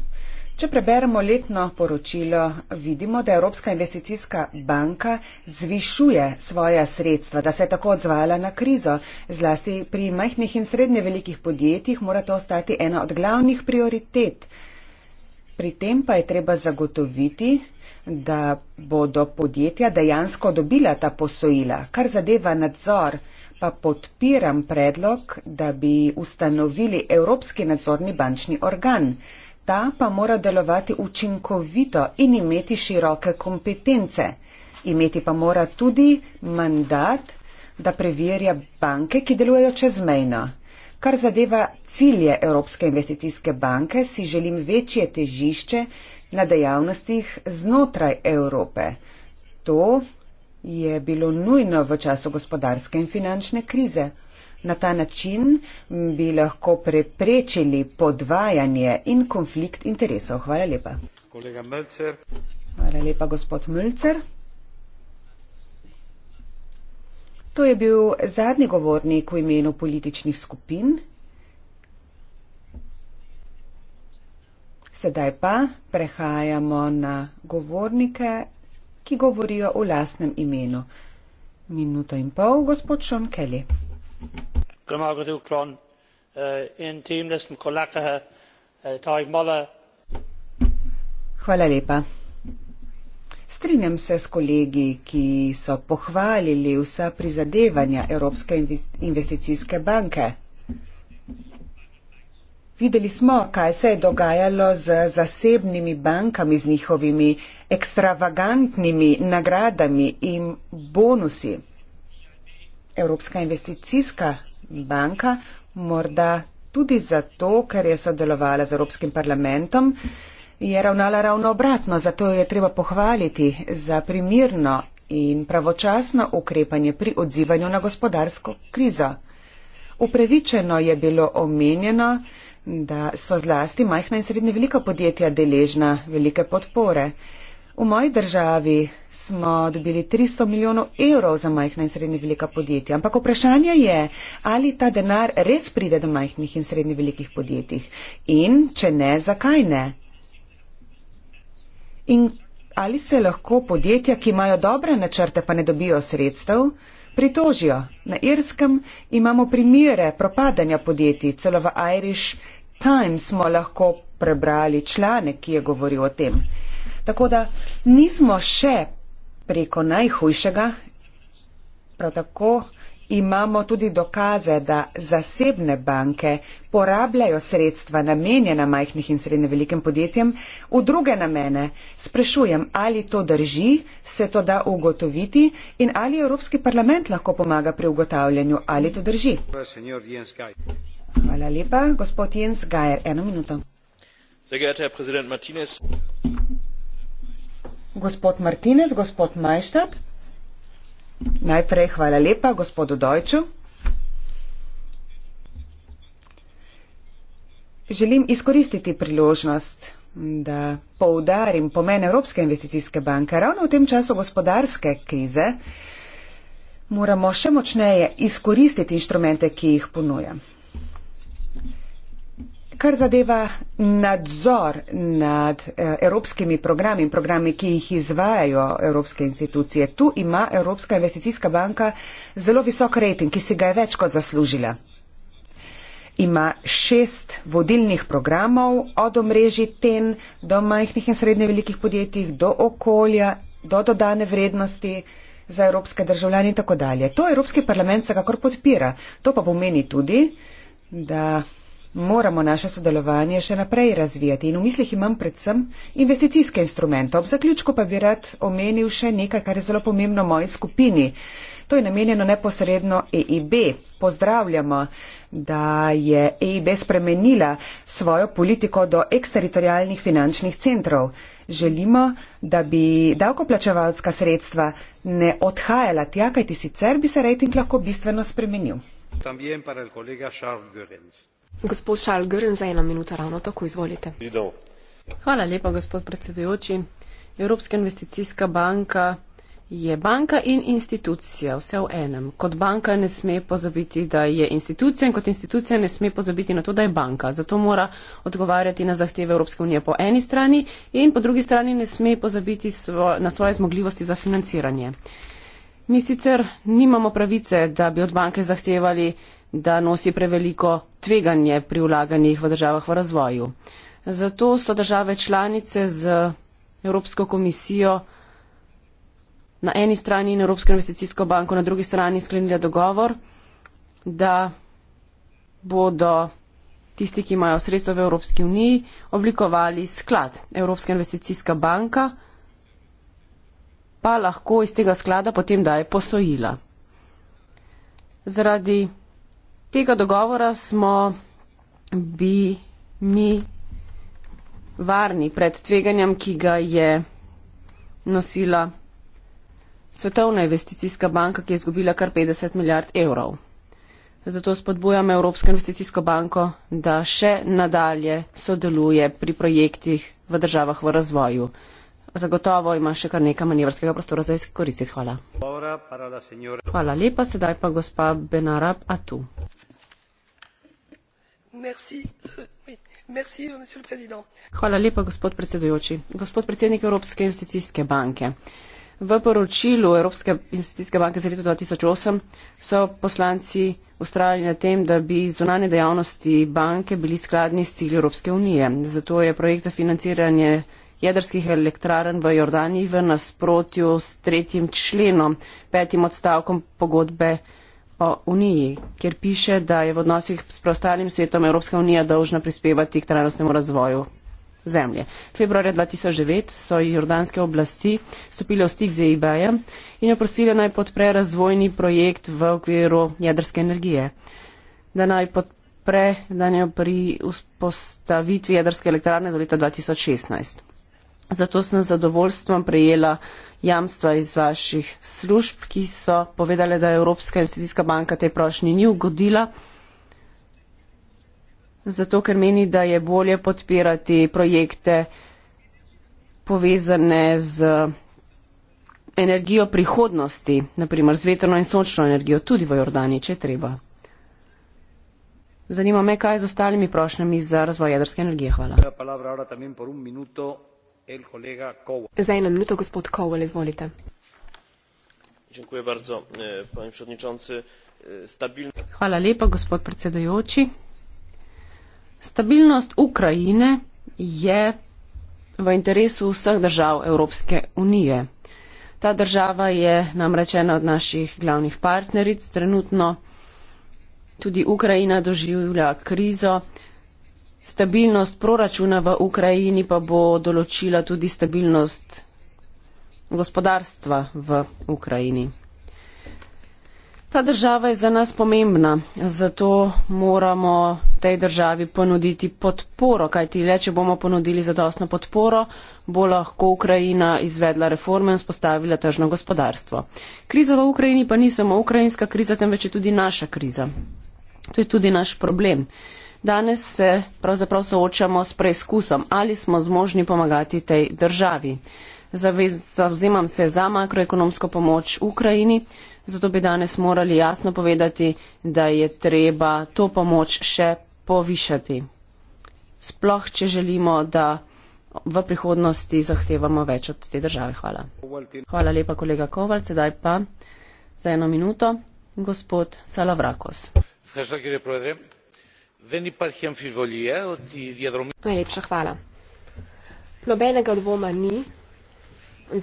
Če preberemo letno poročilo, vidimo, da Evropska investicijska banka zvišuje svoja sredstva, da se je tako odzvala na krizo. Zlasti pri majhnih in srednje velikih podjetjih mora to ostati ena od glavnih prioritet. Pri tem pa je treba zagotoviti, da bodo podjetja dejansko dobila ta posojila, kar zadeva nadzor pa podpiram predlog, da bi ustanovili Evropski nadzorni bančni organ. Ta pa mora delovati učinkovito in imeti široke kompetence. Imeti pa mora tudi mandat, da preverja banke, ki delujejo čezmejno. Kar zadeva cilje Evropske investicijske banke, si želim večje težišče na dejavnostih znotraj Evrope. To je bilo nujno v času gospodarske in finančne krize. Na ta način bi lahko preprečili podvajanje in konflikt interesov. Hvala lepa. Hvala lepa, gospod Mlcer. To je bil zadnji govornik v imenu političnih skupin. Sedaj pa prehajamo na govornike, ki govorijo v lasnem imenu. Minuto in pol, gospod Šon Kelly. Thank you margaret auchtrin in tým lesnom kolakaha tadhg mola Hvala lepa. Strinjam se s kolegi, ki so pohvalili vsa prizadevanja Evropske investicijske banke. Videli smo, kaj se je dogajalo z zasebnimi bankami, z njihovimi ekstravagantnimi nagradami in bonusi. Evropska investicijska banka, morda tudi zato, ker je sodelovala z Evropskim parlamentom, je ravnala ravno obratno. Zato jo je treba pohvaliti za primirno in pravočasno ukrepanje pri odzivanju na gospodarsko krizo. Upravičeno je bilo omenjeno, da so zlasti majhna in srednje velika podjetja deležna velike podpore. V moji državi smo dobili 300 milijonov evrov za majhna in srednje velika podjetja, ampak vprašanje je, ali ta denar res pride do majhnih in srednje velikih podjetij in če ne, zakaj ne? In ali se lahko podjetja, ki imajo dobre načrte, pa ne dobijo sredstev, pritožijo? Na Irskem imamo primere propadanja podjetij, celo v Irish Times smo lahko prebrali članek, ki je govoril o tem. Tako da nismo še preko najhujšega, prav tako imamo tudi dokaze, da zasebne banke porabljajo sredstva namenjena majhnih in srednje velikim podjetjem v druge namene. Sprašujem, ali to drži, se to da ugotoviti in ali Evropski parlament lahko pomaga pri ugotavljanju, ali to drži. Hvala lepa, gospod Jens Gajer. Eno minuto. Sehr geehrter Herr Präsident Martinez, Gospod Martinez, gospod Majštab. Najprej hvala lepa gospodu Dojču. Želim izkoristiti priložnost, da poudarim pomen Evropske investicijske banke. Ravno v tem času gospodarske krize moramo še močneje izkoristiti inštrumente, ki jih ponuja kar zadeva nadzor nad eh, evropskimi programi in programi, ki jih izvajajo evropske institucije. Tu ima Evropska investicijska banka zelo visok rejting, ki si ga je več kot zaslužila. Ima šest vodilnih programov od omrežji TEN do majhnih in srednje velikih podjetij, do okolja, do dodane vrednosti za evropske državljane in tako dalje. To Evropski parlament se kakor podpira. To pa pomeni tudi, da moramo naše sodelovanje še naprej razvijati in v mislih imam predvsem investicijske instrumente. Ob zaključku pa bi rad omenil še nekaj, kar je zelo pomembno moji skupini. To je namenjeno neposredno EIB. Pozdravljamo, da je EIB spremenila svojo politiko do eksteritorijalnih finančnih centrov. Želimo, da bi davkoplačevalska sredstva ne odhajala tja, kajti sicer bi se rejting lahko bistveno spremenil. También para el colega Charles Görens. Gospod Šalgrn, za eno minuto ravno tako izvolite. Hvala lepa, gospod predsedujoči. Evropska investicijska banka je banka in institucija, vse v enem. Kot banka ne sme pozabiti, da je institucija in kot institucija ne sme pozabiti na to, da je banka. Zato mora odgovarjati na zahteve Evropske unije po eni strani in po drugi strani ne sme pozabiti svo, na svoje zmogljivosti za financiranje. Mi sicer nimamo pravice, da bi od banke zahtevali, da nosi preveliko tveganje pri vlaganjih v državah v razvoju. Zato so države članice z Evropsko komisijo na eni strani in Evropsko investicijsko banko na drugi strani sklenile dogovor, da bodo tisti, ki imajo sredstva v Evropski uniji, oblikovali sklad. Evropska investicijska banka pa lahko iz tega sklada potem daje posojila. Zaradi tega dogovora smo bi mi varni pred tveganjem, ki ga je nosila Svetovna investicijska banka, ki je izgubila kar 50 milijard evrov. Zato spodbujam Evropsko investicijsko banko, da še nadalje sodeluje pri projektih v državah v razvoju zagotovo ima še kar nekaj manevrskega prostora za izkoristiti. Hvala. Hvala lepa, sedaj pa gospa Benarab Atu. Hvala lepa, gospod predsedujoči. Gospod predsednik Evropske investicijske banke. V poročilu Evropske investicijske banke za leto 2008 so poslanci ustrajali na tem, da bi zunanje dejavnosti banke bili skladni s cilji Evropske unije. Zato je projekt za financiranje jedrskih elektrarn v Jordaniji v nasprotju s tretjim členom, petim odstavkom pogodbe o Uniji, kjer piše, da je v odnosih s preostalim svetom Evropska unija dolžna prispevati k trajnostnemu razvoju. Zemlje. Februarja 2009 so jordanske oblasti stopile v stik z eBayem in jo prosile naj podpre razvojni projekt v okviru jedrske energije, da naj podpre, da naj jo pri vzpostavitvi jedrske elektrarne do leta 2016. Zato sem z zadovoljstvom prejela jamstva iz vaših služb, ki so povedali, da Evropska investicijska banka tej prošnji ni ugodila. Zato, ker meni, da je bolje podpirati projekte povezane z energijo prihodnosti, naprimer z vetrno in sončno energijo, tudi v Jordani, če treba. Zanima me, kaj je z ostalimi prošnjami za razvoj jedrske energije. Hvala. Za jedną minutę, gospod Kowal, zwolite. Dziękuję bardzo, e, panie przewodniczący. E, Stabilne... Hvala lepa, gospod predsedujoči. Stabilnost Ukrajine je v interesu vseh držav Evropske unije. Ta država je namreč ena od naših glavnih partneric. Trenutno tudi Ukrajina doživlja krizo, Stabilnost proračuna v Ukrajini pa bo določila tudi stabilnost gospodarstva v Ukrajini. Ta država je za nas pomembna, zato moramo tej državi ponuditi podporo, kajti le, če bomo ponudili zadostno podporo, bo lahko Ukrajina izvedla reforme in spostavila tržno gospodarstvo. Kriza v Ukrajini pa ni samo ukrajinska kriza, temveč je tudi naša kriza. To je tudi naš problem. Danes se pravzaprav soočamo s preizkusom, ali smo zmožni pomagati tej državi. Zavez, zavzemam se za makroekonomsko pomoč Ukrajini, zato bi danes morali jasno povedati, da je treba to pomoč še povišati. Sploh, če želimo, da v prihodnosti zahtevamo več od te države. Hvala. Hvala lepa, kolega Koval. Sedaj pa za eno minuto gospod Salavrakos. Hvala, Δεν υπάρχει αμφιβολία ότι η διαδρομή... Najlepša hvala. Nobenega dvoma ni,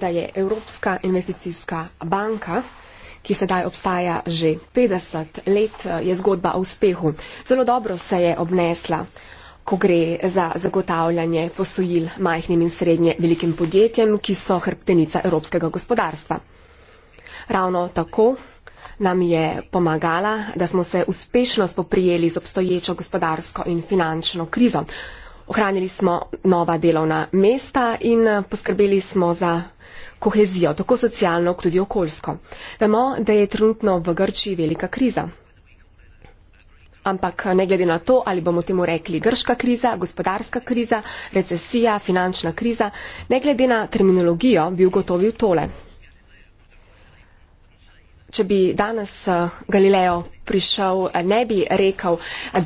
da je Evropska investicijska banka, ki sedaj obstaja že 50 let, je zgodba o uspehu. Zelo dobro se je obnesla, ko gre za zagotavljanje posojil majhnim in srednje velikim podjetjem, ki so hrbtenica evropskega gospodarstva. Ravno tako nam je pomagala, da smo se uspešno spoprijeli z obstoječo gospodarsko in finančno krizo. Ohranili smo nova delovna mesta in poskrbeli smo za kohezijo, tako socialno, kot tudi okoljsko. Vemo, da je trenutno v Grčiji velika kriza. Ampak ne glede na to, ali bomo temu rekli grška kriza, gospodarska kriza, recesija, finančna kriza, ne glede na terminologijo, bi ugotovil tole če bi danes eh, Galileo prišel, eh, ne bi rekel,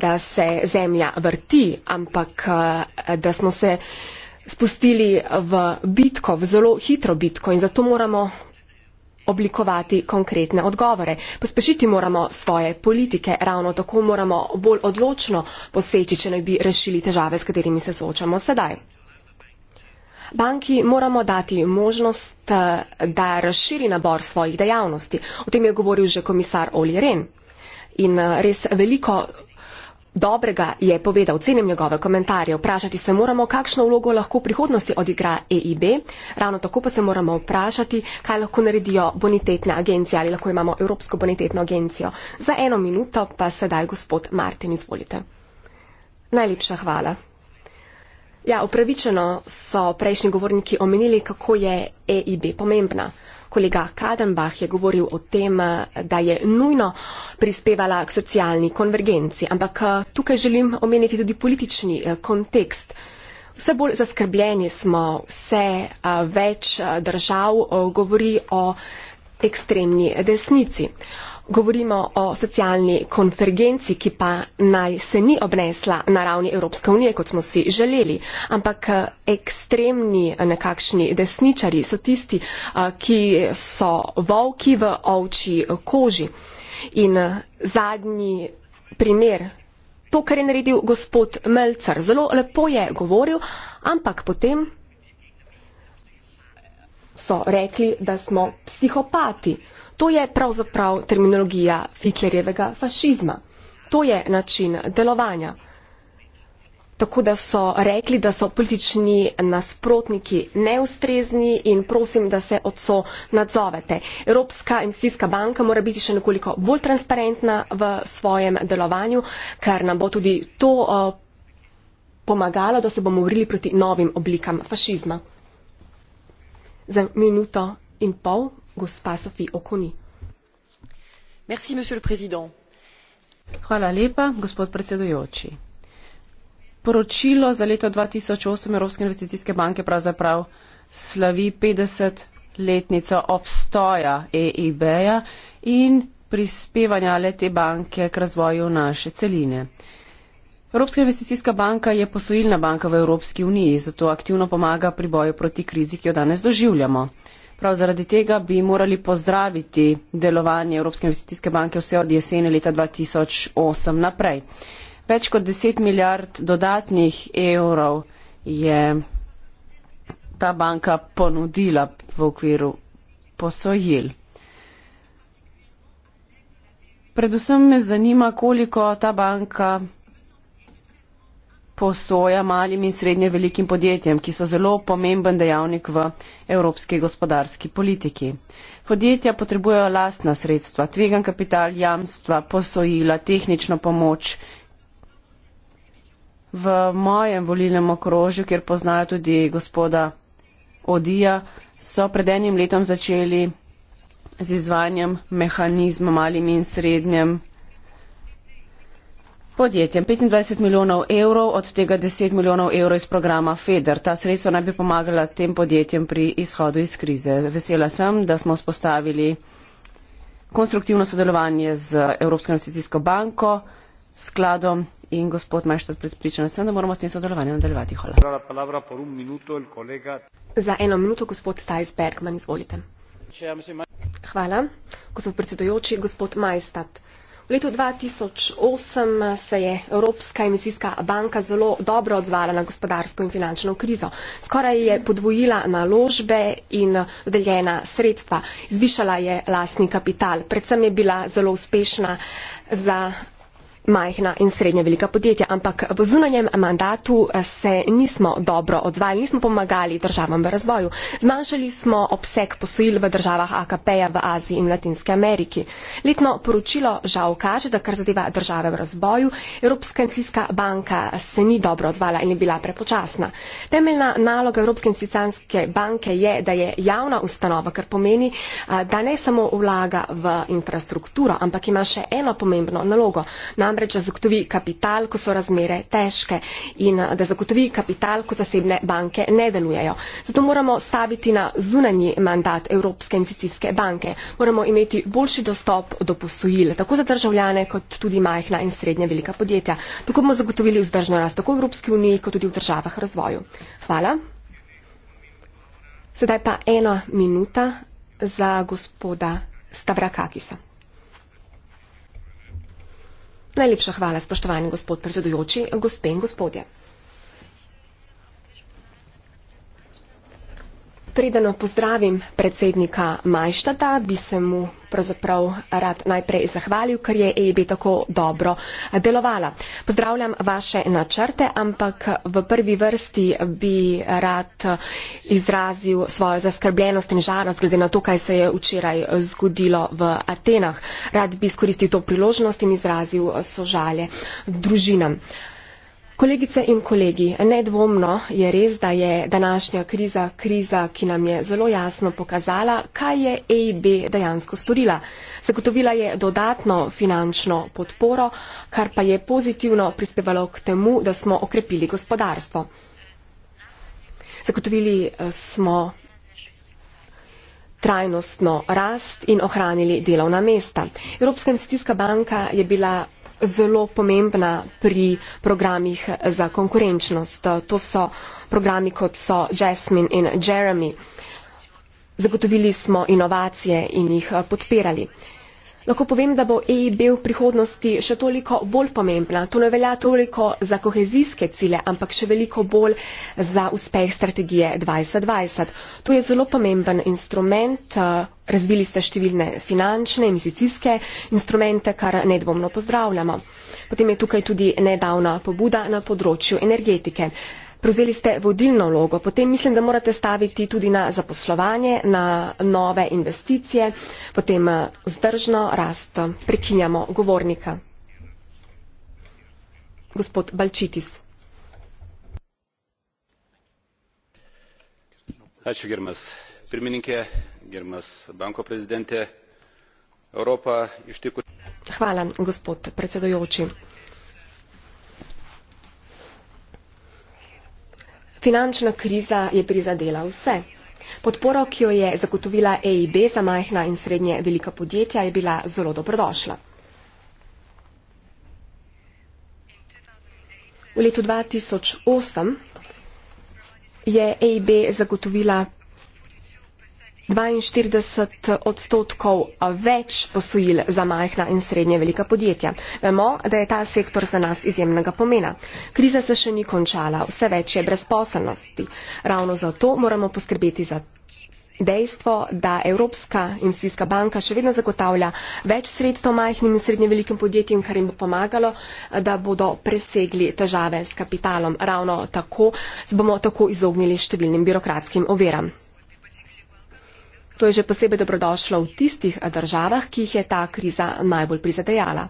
da se Zemlja vrti, ampak eh, da smo se spustili v bitko, v zelo hitro bitko in zato moramo oblikovati konkretne odgovore. Pospešiti moramo svoje politike, ravno tako moramo bolj odločno poseči, če ne bi rešili težave, s katerimi se soočamo sedaj. Banki moramo dati možnost, eh, da razširi nabor svojih dejavnosti. O tem je govoril že komisar Oli Ren. In eh, res veliko dobrega je povedal, cenim njegove komentarje. Vprašati se moramo, kakšno vlogo lahko v prihodnosti odigra EIB. Ravno tako pa se moramo vprašati, kaj lahko naredijo bonitetne agencije ali lahko imamo Evropsko bonitetno agencijo. Za eno minuto pa sedaj gospod Martin, izvolite. Najlepša hvala. Ja, upravičeno so prejšnji govorniki omenili, kako je EIB pomembna. Kolega Kadenbach je govoril o tem, da je nujno prispevala k socialni konvergenci, ampak tukaj želim omeniti tudi politični eh, kontekst. Vse bolj zaskrbljeni smo, vse eh, več eh, držav govori o ekstremni desnici govorimo o socialni konvergenci, ki pa naj se ni obnesla na ravni Evropske unije, kot smo si želeli, ampak eh, ekstremni eh, nekakšni desničari so tisti, eh, ki so volki v ovči koži. In zadnji primer, to, kar je naredil gospod Melcar, zelo lepo je govoril, ampak potem so rekli, da smo psihopati. To je pravzaprav terminologija Hitlerjevega fašizma. To je način delovanja. Tako da so rekli, da so politični nasprotniki neustrezni in prosim, da se odso nadzovete. Evropska investicijska banka mora biti še nekoliko bolj transparentna v svojem delovanju, ker nam bo tudi to uh, pomagalo, da se bomo vrili proti novim oblikam fašizma. Za minuto in pol poročilo za leto dva tisoč osem evropske investicijske banke pravzaprav slavi petdesetletnico obstoja eib ja in prispevanja le te banke k razvoju naše celine. Evropska investicijska banka je posojilna banka v Evropski uniji, zato aktivno pomaga pri boju proti krizi, ki jo danes doživljamo. Prav zaradi tega bi morali pozdraviti delovanje Evropske investicijske banke vse od jeseni leta 2008 naprej. Več kot 10 milijard dodatnih evrov je ta banka ponudila v okviru posojil. Predvsem me zanima, koliko ta banka posoja malim in srednje velikim podjetjem, ki so zelo pomemben dejavnik v evropski gospodarski politiki. Podjetja potrebujejo lastna sredstva, tvegan kapital, jamstva, posojila, tehnično pomoč. V mojem volilnem okrožju, kjer poznajo tudi gospoda Odija, so pred enim letom začeli z izvanjem mehanizma malim in srednjem Podjetjem 25 milijonov evrov, od tega 10 milijonov evrov iz programa FEDER. Ta sredstva naj bi pomagala tem podjetjem pri izhodu iz krize. Vesela sem, da smo spostavili konstruktivno sodelovanje z Evropsko investicijsko banko, skladom in gospod Majštad predpričan sem, da moramo s tem sodelovanjem nadaljevati. Hvala. Za eno minuto, gospod Tajs Bergman, izvolite. Ja Hvala. Gospod predsedujoči, gospod Majstad. V letu 2008 se je Evropska emisijska banka zelo dobro odzvala na gospodarsko in finančno krizo. Skoraj je podvojila naložbe in deljena sredstva. Zvišala je lasni kapital. Predvsem je bila zelo uspešna za majhna in srednja velika podjetja, ampak v zunanjem mandatu eh, se nismo dobro odzvali, nismo pomagali državam v razvoju. Zmanjšali smo obseg posojil v državah AKP-ja v Aziji in Latinske Ameriki. Letno poročilo žal kaže, da kar zadeva države v razvoju, Evropska investicijska banka se ni dobro odzvala in je bila prepočasna. Temeljna naloga Evropske investicijske banke je, da je javna ustanova, kar pomeni, eh, da ne samo vlaga v infrastrukturo, ampak ima še eno pomembno nalogo. Na namreč, da zagotovi kapital, ko so razmere težke in eh, da zagotovi kapital, ko zasebne banke ne delujejo. Zato moramo staviti na zunanji mandat Evropske investicijske banke. Moramo imeti boljši dostop do posojil, tako za državljane, kot tudi majhna in srednja velika podjetja. Tako bomo zagotovili vzdržno rast tako v Evropski uniji, kot tudi v državah razvoju. Hvala. Sedaj pa ena minuta za gospoda Stavrakakisa. Najlepša hvala, spoštovani gospod predsedujoči, gospe in gospodje. Predeno pozdravim predsednika Majštata, bi se mu pravzaprav rad najprej zahvalil, ker je EIB tako dobro delovala. Pozdravljam vaše načrte, ampak v prvi vrsti bi rad izrazil svojo zaskrbljenost in žalost glede na to, kaj se je včeraj zgodilo v Atenah. Rad bi izkoristil to priložnost in izrazil sožalje družinam. Kolegice in kolegi, nedvomno je res, da je današnja kriza kriza, ki nam je zelo jasno pokazala, kaj je EIB dejansko storila. Zagotovila je dodatno finančno podporo, kar pa je pozitivno prispevalo k temu, da smo okrepili gospodarstvo. Zagotovili eh, smo trajnostno rast in ohranili delovna mesta. Evropska investicijska banka je bila zelo pomembna pri programih za konkurenčnost. To so programi kot so Jasmine in Jeremy. Zagotovili smo inovacije in jih podpirali. Lahko povem, da bo EIB v prihodnosti še toliko bolj pomembna. To ne velja toliko za kohezijske cilje, ampak še veliko bolj za uspeh strategije 2020. To je zelo pomemben instrument. Eh, razvili ste številne finančne, investicijske instrumente, kar nedvomno pozdravljamo. Potem je tukaj tudi nedavna pobuda na področju energetike. Prevzeli ste vodilno vlogo, potem mislim, da morate staviti tudi na zaposlovanje, na nove investicije, potem eh, vzdržno rast. Eh, prekinjamo govornika. Gospod Balčitis. Ačiū gerbiamas pirmininkė, gerbiamas banko prezidentė. Europa ištikus. Hvala, gospod predsedojoči. Finančna kriza je prizadela vse. Podporo, ki jo je zagotovila EIB za majhna in srednje velika podjetja, je bila zelo dobrodošla. V letu 2008 je EIB zagotovila 42 odstotkov več posojil za majhna in srednje velika podjetja. Vemo, da je ta sektor za nas izjemnega pomena. Kriza se še ni končala, vse več je brezposelnosti. Ravno zato moramo poskrbeti za dejstvo, da Evropska investicijska banka še vedno zagotavlja več sredstev majhnim in srednje velikim podjetjem, kar jim bo pomagalo, da bodo presegli težave s kapitalom. Ravno tako se bomo tako izognili številnim birokratskim oviram. To je že posebej dobrodošlo v tistih državah, ki jih je ta kriza najbolj prizadejala.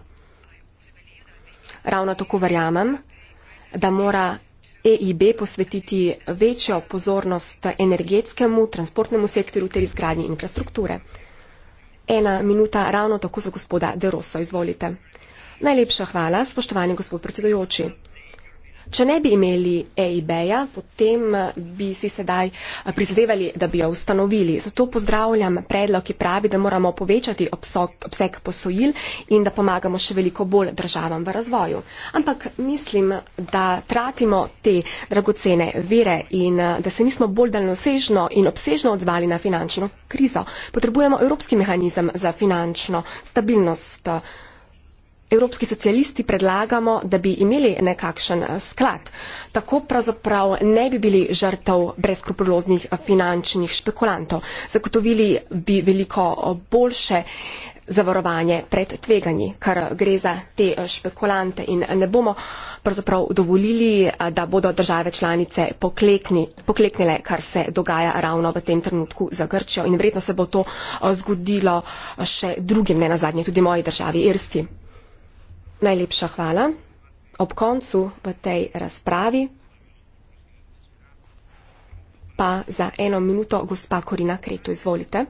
Ravno tako verjamem, da mora EIB posvetiti večjo pozornost energetskemu, transportnemu sektorju ter izgradnji infrastrukture. Ena minuta ravno tako za gospoda Deroso, izvolite. Najlepša hvala, spoštovani gospod predsedujoči. Če ne bi imeli EIB-ja, potem eh, bi si sedaj eh, prizadevali, da bi jo ustanovili. Zato pozdravljam predlog, ki pravi, da moramo povečati obsok, obseg posojil in da pomagamo še veliko bolj državam v razvoju. Ampak mislim, da tratimo te dragocene vire in eh, da se nismo bolj daljnosežno in obsežno odzvali na finančno krizo. Potrebujemo evropski mehanizem za finančno stabilnost. Evropski socialisti predlagamo, da bi imeli nekakšen eh, sklad. Tako pravzaprav ne bi bili žrtev brezkrupuloznih eh, finančnih špekulantov. Zagotovili bi veliko eh, boljše zavarovanje pred tveganji, kar gre za te špekulante in ne bomo pravzaprav dovolili, da bodo države članice poklekni, pokleknile, kar se dogaja ravno v tem trenutku za Grčijo in verjetno se bo to zgodilo še drugim, ne na zadnje, tudi moji državi, Irski. Najlepša hvala. Ob koncu v tej razpravi pa za eno minuto gospa Korina Kreto, izvolite.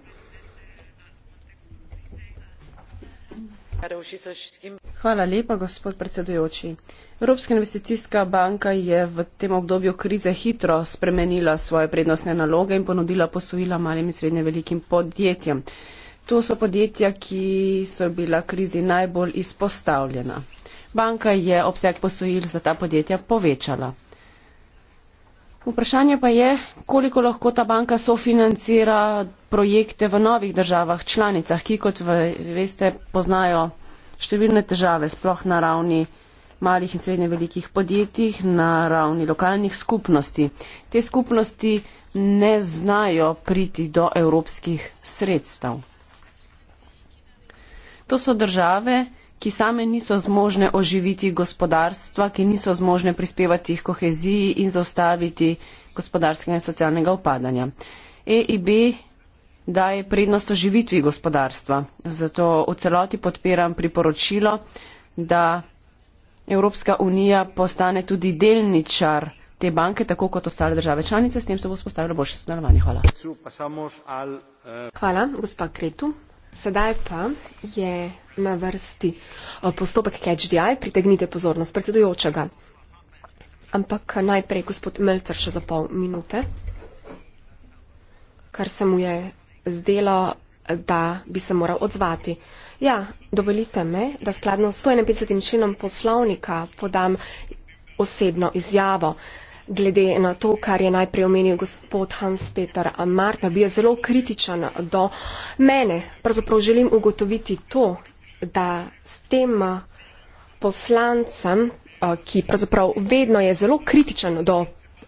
Hvala lepa, gospod predsedujoči. Evropska investicijska banka je v tem obdobju krize hitro spremenila svoje prednostne naloge in ponudila posojila malim in srednje velikim podjetjem. To so podjetja, ki so bila krizi najbolj izpostavljena. Banka je obseg posojil za ta podjetja povečala. Vprašanje pa je, koliko lahko ta banka sofinancira projekte v novih državah, članicah, ki, kot veste, poznajo številne težave, sploh na ravni malih in srednje velikih podjetij, na ravni lokalnih skupnosti. Te skupnosti ne znajo priti do evropskih sredstev. To so države, ki same niso zmožne oživiti gospodarstva, ki niso zmožne prispevati k koheziji in zaustaviti gospodarskega in socialnega upadanja. EIB daje prednost oživitvi gospodarstva, zato v celoti podpiram priporočilo, da Evropska unija postane tudi delničar te banke, tako kot ostale države članice, s tem se bo vzpostavilo boljše sodelovanje. Hvala. Eh, Hvala, gospa Kretu. Sedaj pa je na vrsti eh, postopek Catch the Eye, pritegnite pozornost predsedujočega. Ampak najprej gospod Melter še za pol minute, kar se mu je zdelo, da bi se moral odzvati. Ja, dovolite me, da skladno s 151. členom poslovnika podam osebno izjavo glede na to, kar je najprej omenil gospod Hans-Peter Martner, bi je zelo kritičen do mene. Pravzaprav želim ugotoviti to, da s tem poslancem, ki pravzaprav vedno je zelo kritičen do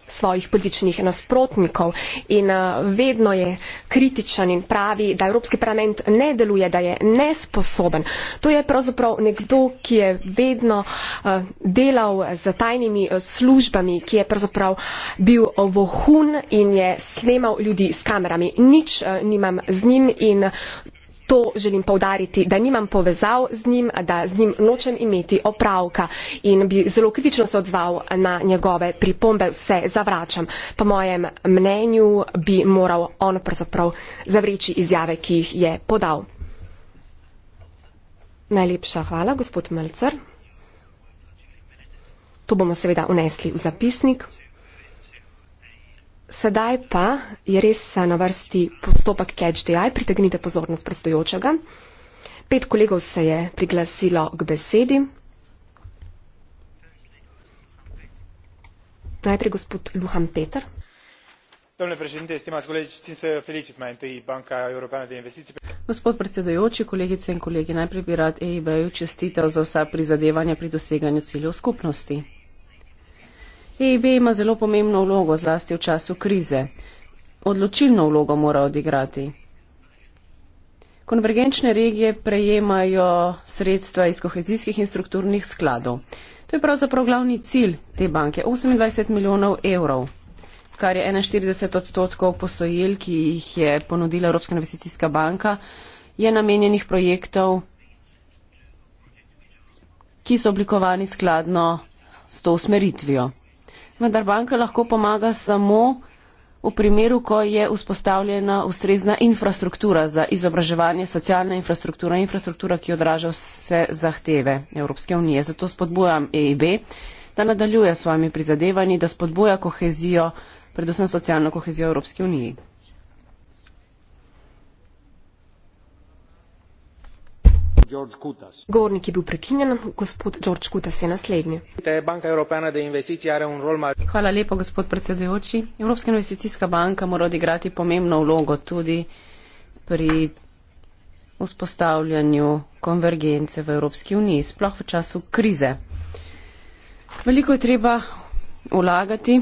svojih političnih nasprotnikov in eh, vedno je kritičen in pravi, da Evropski parlament ne deluje, da je nesposoben. To je pravzaprav nekdo, ki je vedno eh, delal z tajnimi eh, službami, ki je pravzaprav bil vohun in je snemal ljudi s kamerami. Nič nimam z njim in to želim povdariti, da nimam povezav z njim, da z njim nočem imeti opravka in bi zelo kritično se odzval na njegove pripombe, vse zavračam. Po mojem mnenju bi moral on pravzaprav zavreči izjave, ki jih je podal. Najlepša hvala, gospod Melcer. To bomo seveda unesli v zapisnik. Sedaj pa je res eh, na vrsti postopek catch-the-eye, pritegnite pozornost predstojočega. Pet kolegov se je priglasilo k besedi. Najprej gospod Luhan Peter. Gospod predsedujoči, kolegice in kolegi, najprej bi rad EIB-ju čestitev za vsa prizadevanja pri doseganju ciljev skupnosti. EIB ima zelo pomembno vlogo, zlasti v času krize. Odločilno vlogo mora odigrati. Konvergenčne regije prejemajo sredstva iz kohezijskih in strukturnih skladov. To je pravzaprav glavni cilj te banke, 28 milijonov evrov, kar je 41 odstotkov posojil, ki jih je ponudila Evropska investicijska banka, je namenjenih projektov, ki so oblikovani skladno s to usmeritvijo vendar banka lahko pomaga samo v primeru, ko je vzpostavljena ustrezna infrastruktura za izobraževanje, socialna infrastruktura, infrastruktura, ki odraža vse zahteve Evropske unije. Zato spodbujam EIB, da nadaljuje s svojimi prizadevanji, da spodbuja kohezijo, predvsem socialno kohezijo Evropske unije. Govornik je bil prekinjen, gospod George Kutas je naslednji. Hvala lepa, gospod predsedujoči. Evropska investicijska banka mora odigrati pomembno vlogo tudi pri vzpostavljanju konvergence v Evropski uniji, sploh v času krize. Veliko je treba vlagati,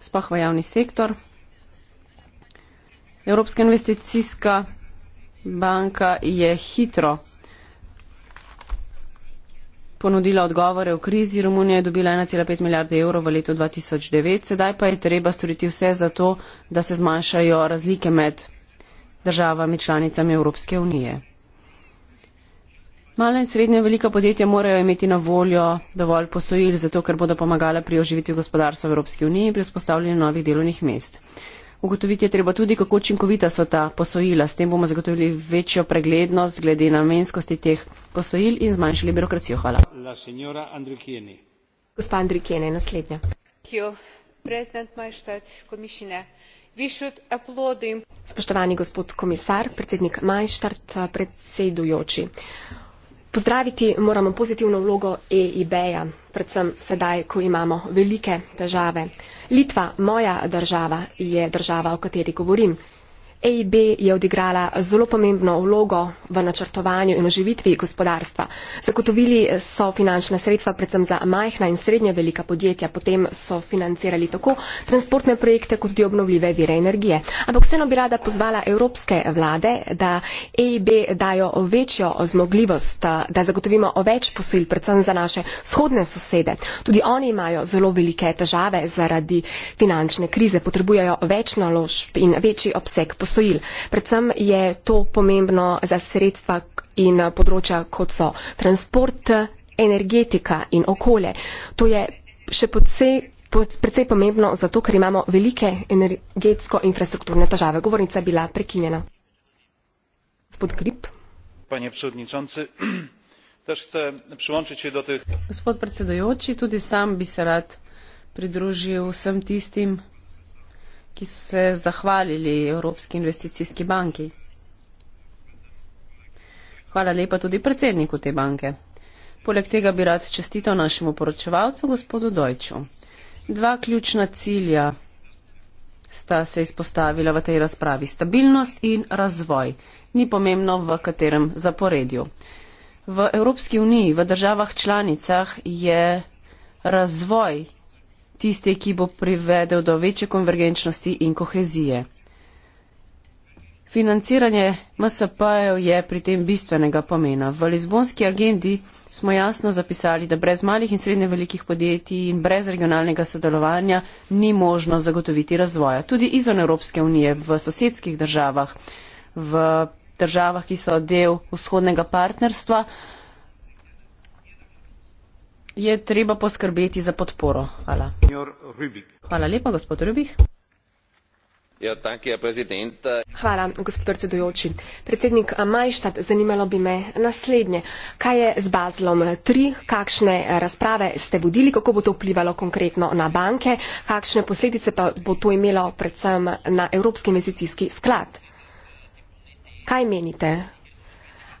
sploh v javni sektor. Evropska investicijska banka Banka je hitro ponudila odgovore v krizi. Romunija je dobila 1,5 milijarde evrov v letu 2009. Sedaj pa je treba storiti vse za to, da se zmanjšajo razlike med državami članicami Evropske unije. Mala in srednja velika podjetja morajo imeti na voljo dovolj posojil, zato ker bodo pomagala pri oživitvi gospodarstva v Evropski uniji in pri vzpostavljanju novih delovnih mest. Ugotoviti je treba tudi, kako učinkovita so ta posojila. S tem bomo zagotovili večjo preglednost glede namenskosti teh posojil in zmanjšali birokracijo. Hvala. Gospa Andrikene, naslednja. Spoštovani gospod komisar, predsednik Majštart, predsedujoči. Pozdraviti moramo pozitivno vlogo EIB-ja, predvsem sedaj, ko imamo velike težave. Litva, moja država, je država, o kateri govorim. EIB je odigrala zelo pomembno vlogo v načrtovanju in oživitvi gospodarstva. Zagotovili so finančna sredstva predvsem za majhna in srednje velika podjetja, potem so financirali tako transportne projekte kot tudi obnovljive vire energije. Ampak vseeno bi rada pozvala evropske vlade, da EIB dajo večjo zmogljivost, da zagotovimo več posil predvsem za naše vzhodne sosede. Tudi oni imajo zelo velike težave zaradi finančne krize, potrebujejo več naložb in večji obseg posil posojil. Predvsem je to pomembno za sredstva in eh, področja, kot so transport, energetika in okolje. To je še podsej. Predvsej pomembno zato, ker imamo velike energetsko-infrastrukturne težave. Govornica je bila prekinjena. Gospod Grip. Panje predsednici, tudi sam želim prilončiti se do teh. Gospod predsedujoči, tudi sam bi se rad pridružil vsem tistim, ki so se zahvalili Evropski investicijski banki. Hvala lepa tudi predsedniku te banke. Poleg tega bi rad čestital našemu poročevalcu, gospodu Dojču. Dva ključna cilja sta se izpostavila v tej razpravi. Stabilnost in razvoj. Ni pomembno, v katerem zaporedju. V Evropski uniji, v državah članicah je razvoj tisti, ki bo privedel do večje konvergenčnosti in kohezije. Financiranje MSP-jev je pri tem bistvenega pomena. V Lizbonski agendi smo jasno zapisali, da brez malih in srednje velikih podjetij in brez regionalnega sodelovanja ni možno zagotoviti razvoja. Tudi izven Evropske unije, v sosedskih državah, v državah, ki so del vzhodnega partnerstva, je treba poskrbeti za podporo. Hvala. Hvala lepa, gospod Rubik. Ja, Hvala, gospod predsedujoči. Predsednik Majštad, zanimalo bi me naslednje. Kaj je z Bazlom 3? Kakšne razprave ste vodili? Kako bo to vplivalo konkretno na banke? Kakšne posledice pa bo to imelo predvsem na Evropski investicijski sklad? Kaj menite?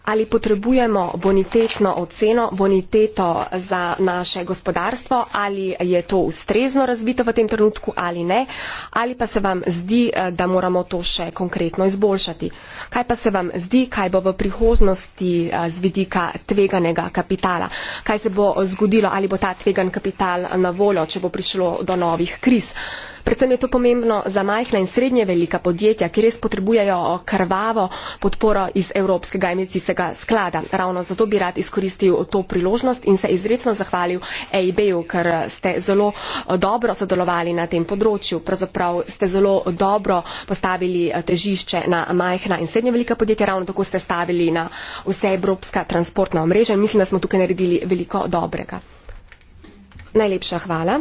ali potrebujemo bonitetno oceno, boniteto za naše gospodarstvo, ali je to ustrezno razvito v tem trenutku ali ne, ali pa se vam zdi, eh, da moramo to še konkretno izboljšati. Kaj pa se vam zdi, kaj bo v prihodnosti eh, z vidika tveganega kapitala? Kaj se bo zgodilo, ali bo ta tvegan kapital na voljo, če bo prišlo do novih kriz? Predvsem je to pomembno za majhna in srednje velika podjetja, ki res potrebujejo krvavo podporo iz Evropskega emisijskega sklada. Ravno zato bi rad izkoristil to priložnost in se izredno zahvalil EIB-u, ker ste zelo eh, dobro sodelovali na tem področju. Pravzaprav ste zelo dobro postavili eh, težišče na majhna in srednje velika podjetja, ravno tako ste stavili na vse Evropska transportna omrežja. Mislim, da smo tukaj naredili veliko dobrega. Najlepša hvala.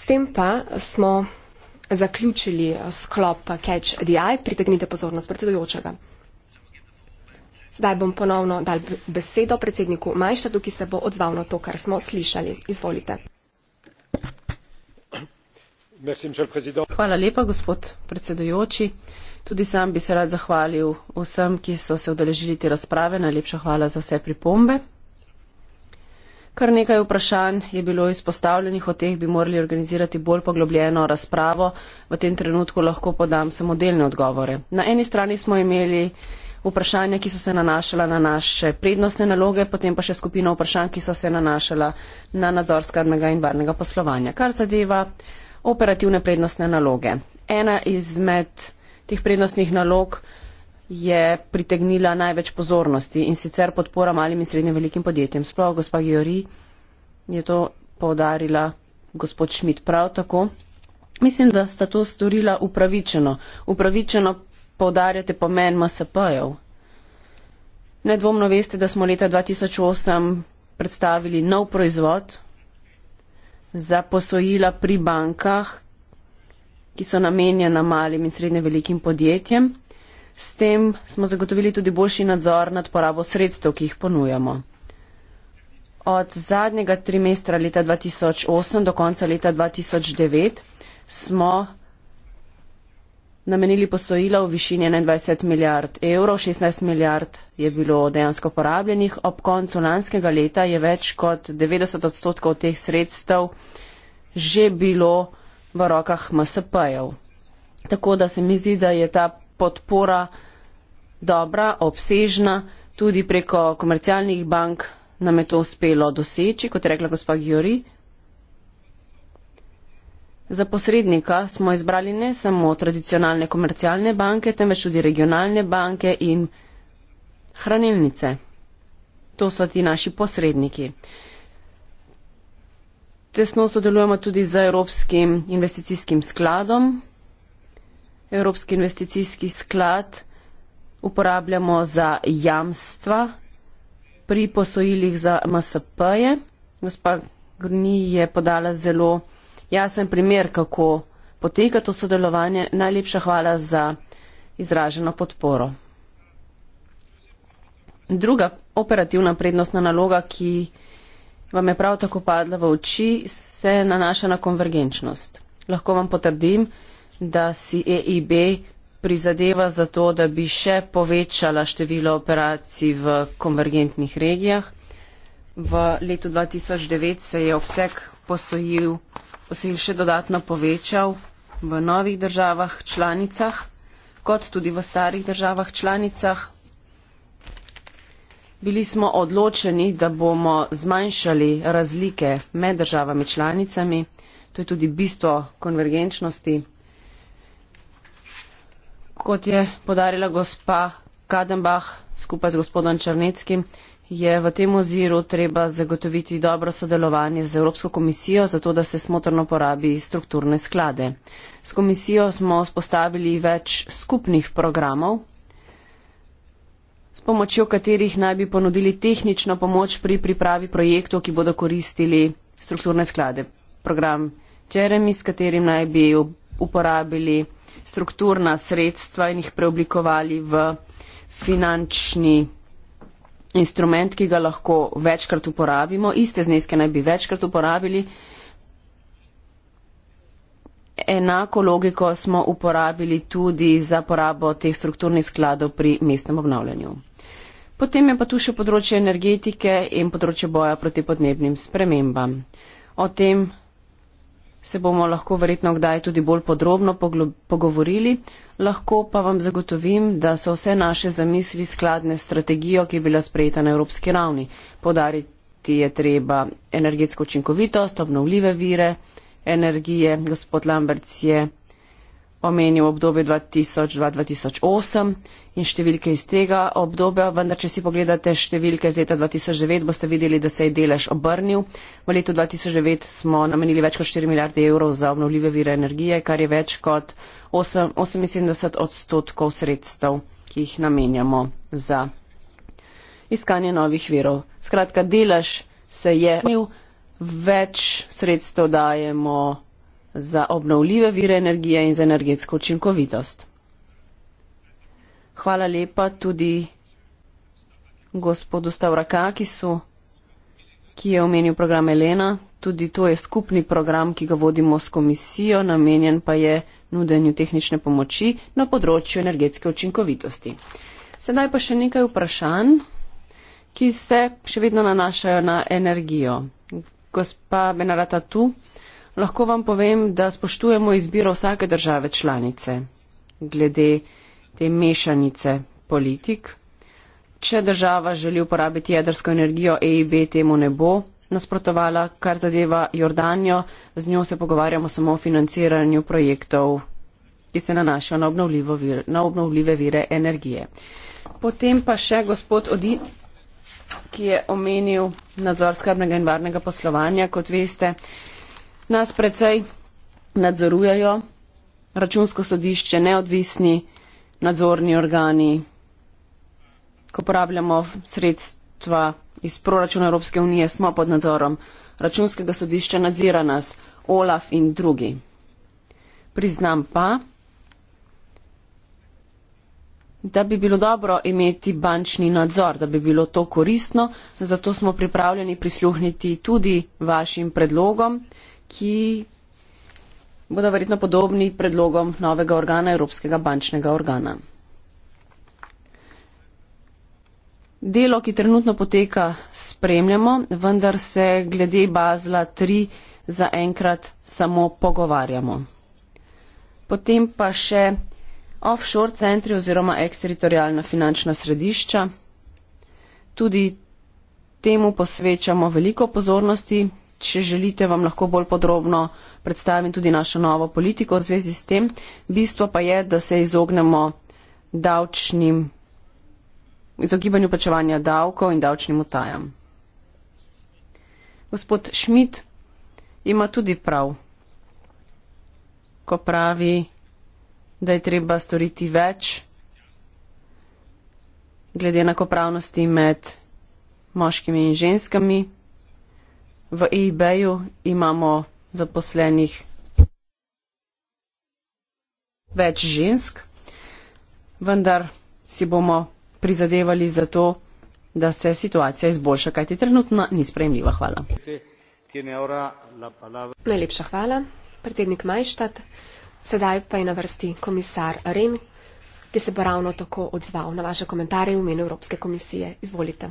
S tem pa smo zaključili sklop Catch the Eye. Pritegnite pozornost predsedujočega. Zdaj bom ponovno dal besedo predsedniku Majštadu, ki se bo odzval na to, kar smo slišali. Izvolite. Hvala lepa, gospod predsedujoči. Tudi sam bi se rad zahvalil vsem, ki so se odeležili te razprave. Najlepša hvala za vse pripombe. Kar nekaj vprašanj je bilo izpostavljenih, o teh bi morali organizirati bolj poglobljeno razpravo. V tem trenutku lahko podam samo delne odgovore. Na eni strani smo imeli vprašanja, ki so se nanašala na naše prednostne naloge, potem pa še skupino vprašanj, ki so se nanašala na nadzor skrbnega in varnega poslovanja, kar zadeva operativne prednostne naloge. Ena izmed teh prednostnih nalog je pritegnila največ pozornosti in sicer podpora malim in srednjim velikim podjetjem. Sploh gospa Giori je to povdarila gospod Šmit prav tako. Mislim, da sta to storila upravičeno. Upravičeno povdarjate pomen MSP-jev. Nedvomno veste, da smo leta 2008 predstavili nov proizvod za posojila pri bankah, ki so namenjena malim in srednje velikim podjetjem. S tem smo zagotovili tudi boljši nadzor nad porabo sredstev, ki jih ponujamo. Od zadnjega trimestra leta 2008 do konca leta 2009 smo namenili posojila v višini 21 milijard evrov, 16 milijard je bilo dejansko porabljenih. Ob koncu lanskega leta je več kot 90 odstotkov teh sredstev že bilo v rokah MSP-jev. Tako da se mi zdi, da je ta podpora dobra, obsežna, tudi preko komercialnih bank nam je to uspelo doseči, kot je rekla gospa Giori. Za posrednika smo izbrali ne samo tradicionalne komercialne banke, temveč tudi regionalne banke in hranilnice. To so ti naši posredniki. Tesno sodelujemo tudi z Evropskim investicijskim skladom, Evropski investicijski sklad uporabljamo za jamstva pri posojilih za MSP-je. Gospa Grni je podala zelo jasen primer, kako poteka to sodelovanje. Najlepša hvala za izraženo podporo. Druga operativna prednostna naloga, ki vam je prav tako padla v oči, se nanaša na konvergenčnost. Lahko vam potrdim, da si EIB prizadeva za to, da bi še povečala število operacij v konvergentnih regijah. V letu 2009 se je obseg posojil, posojil še dodatno povečal v novih državah članicah, kot tudi v starih državah članicah. Bili smo odločeni, da bomo zmanjšali razlike med državami članicami. To je tudi bistvo konvergenčnosti kot je podarila gospa Kadenbach skupaj z gospodom Črneckim, je v tem oziru treba zagotoviti dobro sodelovanje z Evropsko komisijo, zato da se smotrno porabi strukturne sklade. S komisijo smo spostavili več skupnih programov, s pomočjo katerih naj bi ponudili tehnično pomoč pri pripravi projektov, ki bodo koristili strukturne sklade. Program Čeremi, s katerim naj bi uporabili strukturna sredstva in jih preoblikovali v finančni instrument, ki ga lahko večkrat uporabimo. Iste zneske naj bi večkrat uporabili. Enako logiko smo uporabili tudi za porabo teh strukturnih skladov pri mestnem obnavljanju. Potem je pa tu še področje energetike in področje boja proti podnebnim spremembam. O tem se bomo lahko verjetno kdaj tudi bolj podrobno pogovorili, lahko pa vam zagotovim, da so vse naše zamisli skladne s strategijo, ki je bila sprejeta na evropski ravni. Podariti je treba energetsko učinkovitost, obnovljive vire energije. Gospod Lamberts je omenil obdobje 2000-2008 in številke iz tega obdobja, vendar če si pogledate številke z leta 2009, boste videli, da se je delež obrnil. V letu 2009 smo namenili več kot 4 milijarde evrov za obnovljive vire energije, kar je več kot 8, 78 odstotkov sredstev, ki jih namenjamo za iskanje novih virov. Skratka, delež se je obrnil, več sredstev dajemo za obnovljive vire energije in za energetsko učinkovitost. Hvala lepa tudi gospodu Stavrakakisu, ki je omenil program Elena. Tudi to je skupni program, ki ga vodimo s komisijo, namenjen pa je nudenju tehnične pomoči na področju energetske učinkovitosti. Sedaj pa še nekaj vprašanj, ki se še vedno nanašajo na energijo. Gospa Benarata tu lahko vam povem, da spoštujemo izbiro vsake države članice glede te mešanice politik. Če država želi uporabiti jedrsko energijo, EIB temu ne bo nasprotovala, kar zadeva Jordanijo, z njo se pogovarjamo samo o financiranju projektov, ki se nanašajo na, vir, na obnovljive vire energije. Potem pa še gospod Odin, ki je omenil nadzor skrbnega in varnega poslovanja, kot veste, nas precej nadzorujejo, računsko sodišče, neodvisni nadzorni organi, ko uporabljamo sredstva iz proračuna Evropske unije, smo pod nadzorom računskega sodišča, nadzira nas Olaf in drugi. Priznam pa, da bi bilo dobro imeti bančni nadzor, da bi bilo to koristno, zato smo pripravljeni prisluhniti tudi vašim predlogom ki bodo verjetno podobni predlogom novega organa Evropskega bančnega organa. Delo, ki trenutno poteka, spremljamo, vendar se glede Bazla 3 zaenkrat samo pogovarjamo. Potem pa še offshore centri oziroma eksteritorijalna finančna središča. Tudi temu posvečamo veliko pozornosti, če želite, vam lahko bolj podrobno predstavim tudi našo novo politiko v zvezi s tem. Bistvo pa je, da se izognemo davčnim, izogibanju plačevanja davkov in davčnim utajam. Gospod Šmit ima tudi prav, ko pravi, da je treba storiti več glede enakopravnosti med moškimi in ženskami v eBayu imamo zaposlenih več žensk, vendar si bomo prizadevali za to, da se situacija izboljša, kajti trenutno ni sprejemljiva. Hvala. Najlepša hvala, predsednik Majštat. Sedaj pa je na vrsti komisar Rem, ki se bo ravno tako odzval na vaše komentarje v imenu Evropske komisije. Izvolite.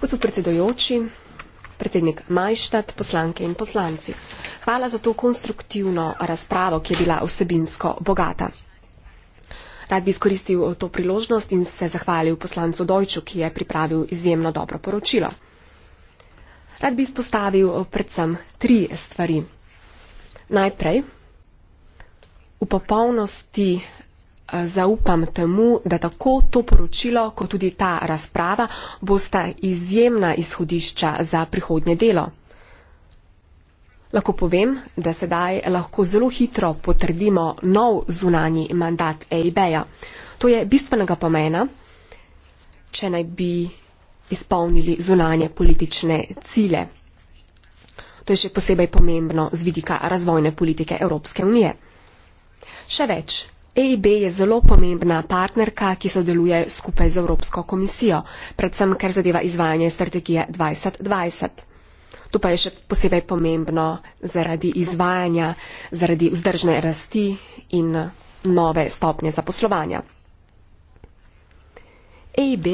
Gospod predsedojoči, predsednik Majštad, poslanke in poslanci, hvala za to konstruktivno razpravo, ki je bila vsebinsko bogata. Rad bi izkoristil to priložnost in se zahvalil poslancu Dojču, ki je pripravil izjemno dobro poročilo. Rad bi izpostavil predvsem tri stvari. Najprej, v popolnosti zaupam temu, da tako to poročilo, kot tudi ta razprava bosta izjemna izhodišča za prihodnje delo. Lahko povem, da sedaj lahko zelo hitro potrdimo nov zunani mandat EIB-ja. To je bistvenega pomena, če naj bi izpolnili zunanje politične cilje. To je še posebej pomembno z vidika razvojne politike Evropske unije. Še več, EIB je zelo pomembna partnerka, ki sodeluje skupaj z Evropsko komisijo, predvsem ker zadeva izvajanje strategije 2020. To pa je še posebej pomembno zaradi izvajanja, zaradi vzdržne rasti in nove stopnje zaposlovanja. EIB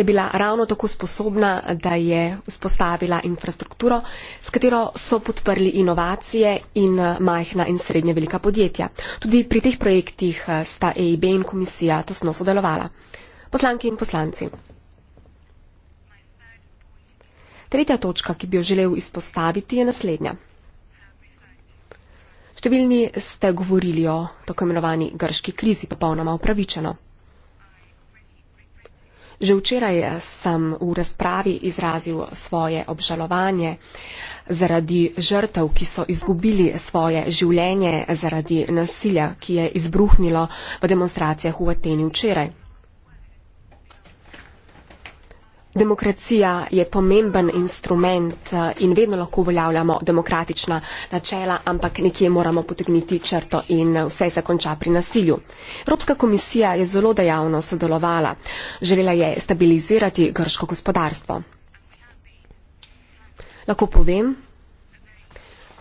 je bila ravno tako sposobna, da je vzpostavila infrastrukturo, s katero so podprli inovacije in eh, majhna in srednja velika podjetja. Tudi pri teh projektih eh, sta EIB in komisija tesno sodelovala. Poslanke in poslanci. Tretja točka, ki bi jo želel izpostaviti, je naslednja. Številni ste govorili o tako imenovani grški krizi, popolnoma upravičeno. Že včeraj eh, sem v razpravi izrazil svoje obžalovanje zaradi žrtev, ki so izgubili svoje življenje zaradi nasilja, ki je izbruhnilo v demonstracijah v Ateni včeraj. Demokracija je pomemben instrument eh, in vedno lahko uveljavljamo demokratična načela, ampak nekje moramo potegniti črto in eh, vse se konča pri nasilju. Evropska komisija je zelo dejavno sodelovala. Želela je stabilizirati grško gospodarstvo. Lahko povem,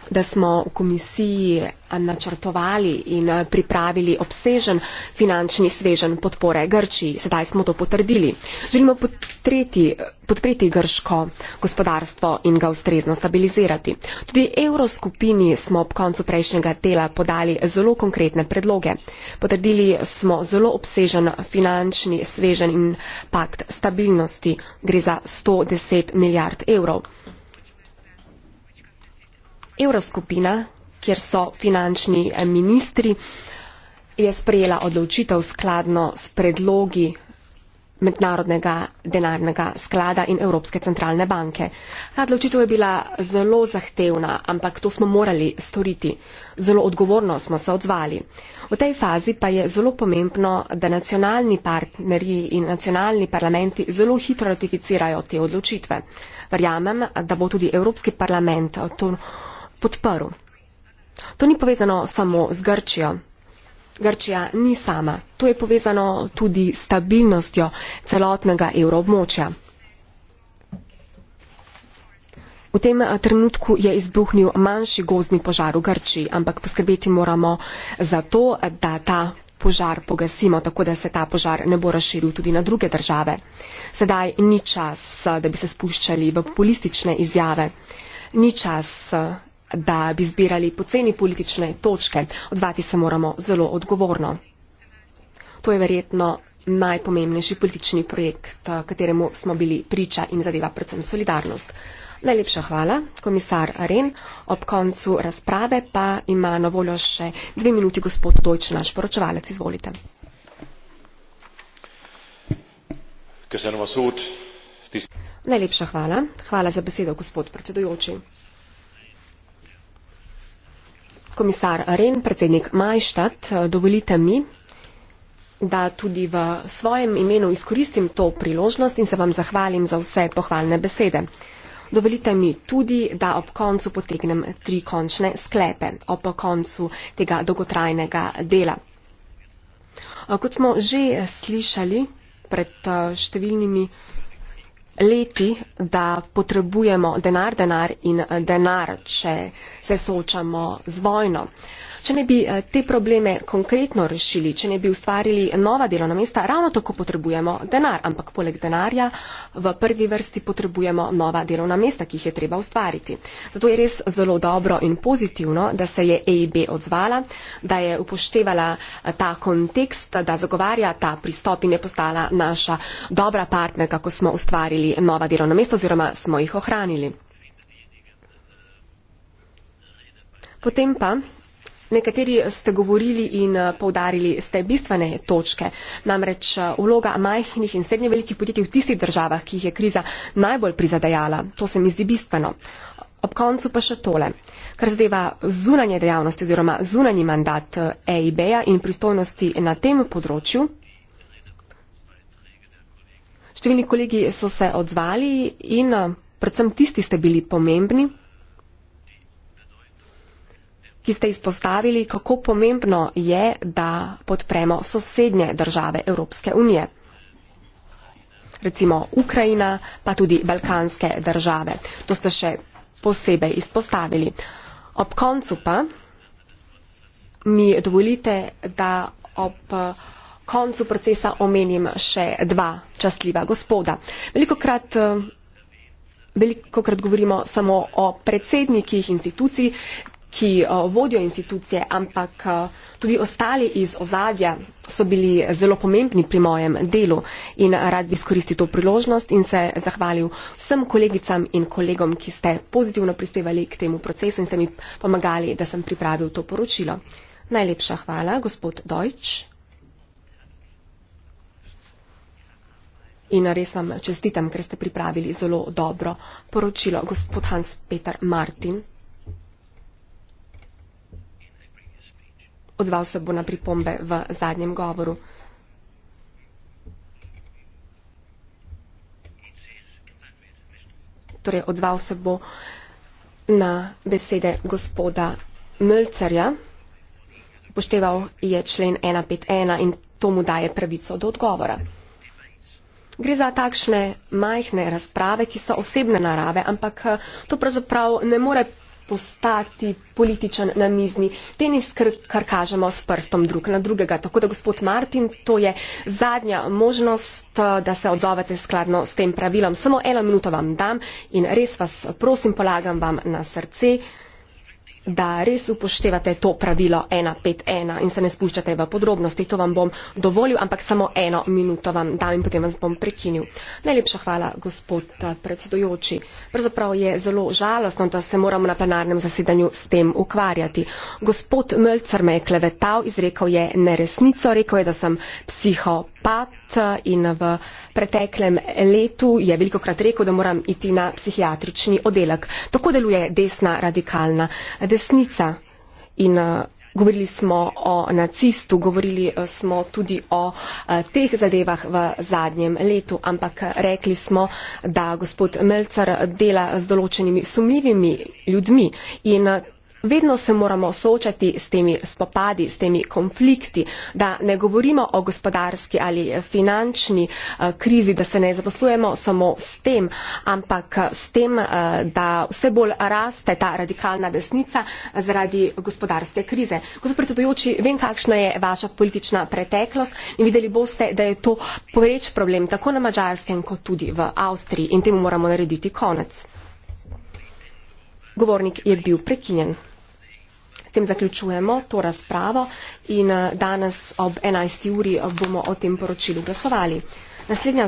da smo v komisiji eh, načrtovali in eh, pripravili obsežen finančni svežen podpore Grčiji. Sedaj smo to potrdili. Želimo potreti, podpreti grško gospodarstvo in ga ustrezno stabilizirati. Tudi evroskupini smo ob koncu prejšnjega dela podali zelo konkretne predloge. Potrdili smo zelo obsežen finančni svežen in pakt stabilnosti. Gre za 110 milijard evrov evroskupina, kjer so finančni eh, ministri, je sprejela odločitev skladno s predlogi mednarodnega denarnega sklada in Evropske centralne banke. Ta odločitev je bila zelo zahtevna, ampak to smo morali storiti. Zelo odgovorno smo se odzvali. V tej fazi pa je zelo pomembno, da nacionalni partnerji in nacionalni parlamenti zelo hitro ratificirajo te odločitve. Verjamem, da bo tudi Evropski parlament to podprl. To ni povezano samo z Grčijo. Grčija ni sama. To je povezano tudi s stabilnostjo celotnega evroobmočja. V tem eh, trenutku je izbruhnil manjši gozni požar v Grčiji, ampak poskrbeti moramo za to, da ta požar pogasimo, tako da se ta požar ne bo razširil tudi na druge države. Sedaj ni čas, eh, da bi se spuščali v populistične izjave. Ni čas eh, da bi zbirali poceni politične točke. Odzvati se moramo zelo odgovorno. To je verjetno najpomembnejši politični projekt, eh, kateremu smo bili priča in zadeva predvsem solidarnost. Najlepša hvala, komisar Ren. Ob koncu razprave pa ima na voljo še dve minuti gospod Dojč, naš poročevalec. Izvolite. Najlepša hvala. Hvala za besedo, gospod predsedujoči komisar Ren, predsednik Majštat, eh, dovolite mi, da tudi v svojem imenu izkoristim to priložnost in se vam zahvalim za vse pohvalne besede. Dovolite mi tudi, da ob koncu potegnem tri končne sklepe ob koncu tega dolgotrajnega dela. Eh, kot smo že slišali pred eh, številnimi leti, da potrebujemo denar, denar in eh, denar, če se soočamo z vojno. Če ne bi eh, te probleme konkretno rešili, če ne bi ustvarili nova delovna mesta, ravno tako potrebujemo denar. Ampak poleg denarja v prvi vrsti potrebujemo nova delovna mesta, ki jih je treba ustvariti. Zato je res zelo dobro in pozitivno, da se je EIB odzvala, da je upoštevala eh, ta kontekst, da zagovarja ta pristop in je postala naša dobra partnerka, ko smo ustvarili nova delovna mesta oziroma smo jih ohranili. Potem pa Nekateri ste govorili in eh, povdarili ste bistvene točke, namreč eh, vloga majhnih in srednje velikih podjetij v tistih državah, ki jih je kriza najbolj prizadajala. To se mi zdi bistveno. Ob koncu pa še tole. Kar zadeva zunanje dejavnosti oziroma zunanji mandat EIB-ja eh, e in pristojnosti na tem področju. Številni kolegi so se odzvali in predvsem tisti ste bili pomembni ki ste izpostavili, kako pomembno je, da podpremo sosednje države Evropske unije. Recimo Ukrajina, pa tudi balkanske države. To ste še posebej izpostavili. Ob koncu pa mi dovolite, da ob koncu procesa omenim še dva častljiva gospoda. Velikokrat, eh, velikokrat govorimo samo o predsednikih institucij, ki eh, vodijo institucije, ampak eh, tudi ostali iz ozadja so bili zelo pomembni pri mojem delu in rad bi skoristil to priložnost in se zahvalil vsem kolegicam in kolegom, ki ste pozitivno prispevali k temu procesu in ste mi pomagali, da sem pripravil to poročilo. Najlepša hvala, gospod Dojč. In res vam čestitam, ker ste pripravili zelo dobro poročilo, gospod Hans Peter Martin. Odzval se bo na pripombe v zadnjem govoru. Torej, odzval se bo na besede gospoda Mölcerja, upošteval je člen 151 in to mu daje pravico do odgovora. Gre za takšne majhne razprave, ki so osebne narave, ampak eh, to pravzaprav ne more postati političen na mizni tenis, kar kažemo s prstom drug na drugega. Tako da, gospod Martin, to je zadnja možnost, eh, da se odzovete skladno s tem pravilom. Samo eno minuto vam dam in res vas prosim, polagam vam na srce da res upoštevate to pravilo 151 in se ne spuščate v podrobnosti. To vam bom dovolil, ampak samo eno minuto vam dam in potem vas bom prekinil. Najlepša hvala, gospod eh, predsedujoči. Pravzaprav je zelo žalostno, da se moramo na plenarnem zasedanju s tem ukvarjati. Gospod Mölcer me je klevetal, izrekel je neresnico, rekel je, da sem psihopat napad eh, in v preteklem letu je velikokrat rekel, da moram iti na psihiatrični oddelek. Tako deluje desna radikalna desnica. In eh, govorili smo o nacistu, govorili eh, smo tudi o teh zadevah v zadnjem letu, ampak rekli smo, da gospod Melcar dela z določenimi sumljivimi ljudmi in Vedno se moramo soočati s temi spopadi, s temi konflikti, da ne govorimo o gospodarski ali finančni eh, krizi, da se ne zaposlujemo samo s tem, ampak eh, s tem, eh, da vse bolj raste ta radikalna desnica zaradi gospodarske krize. Gospod predsedujoči, vem, kakšna je vaša politična preteklost in videli boste, da je to poveč problem tako na Mačarskem kot tudi v Avstriji in temu moramo narediti konec. Govornik je bil prekinjen. S tem zaključujemo to razpravo in eh, danes ob 11. uri eh, bomo o tem poročilu glasovali. Naslednja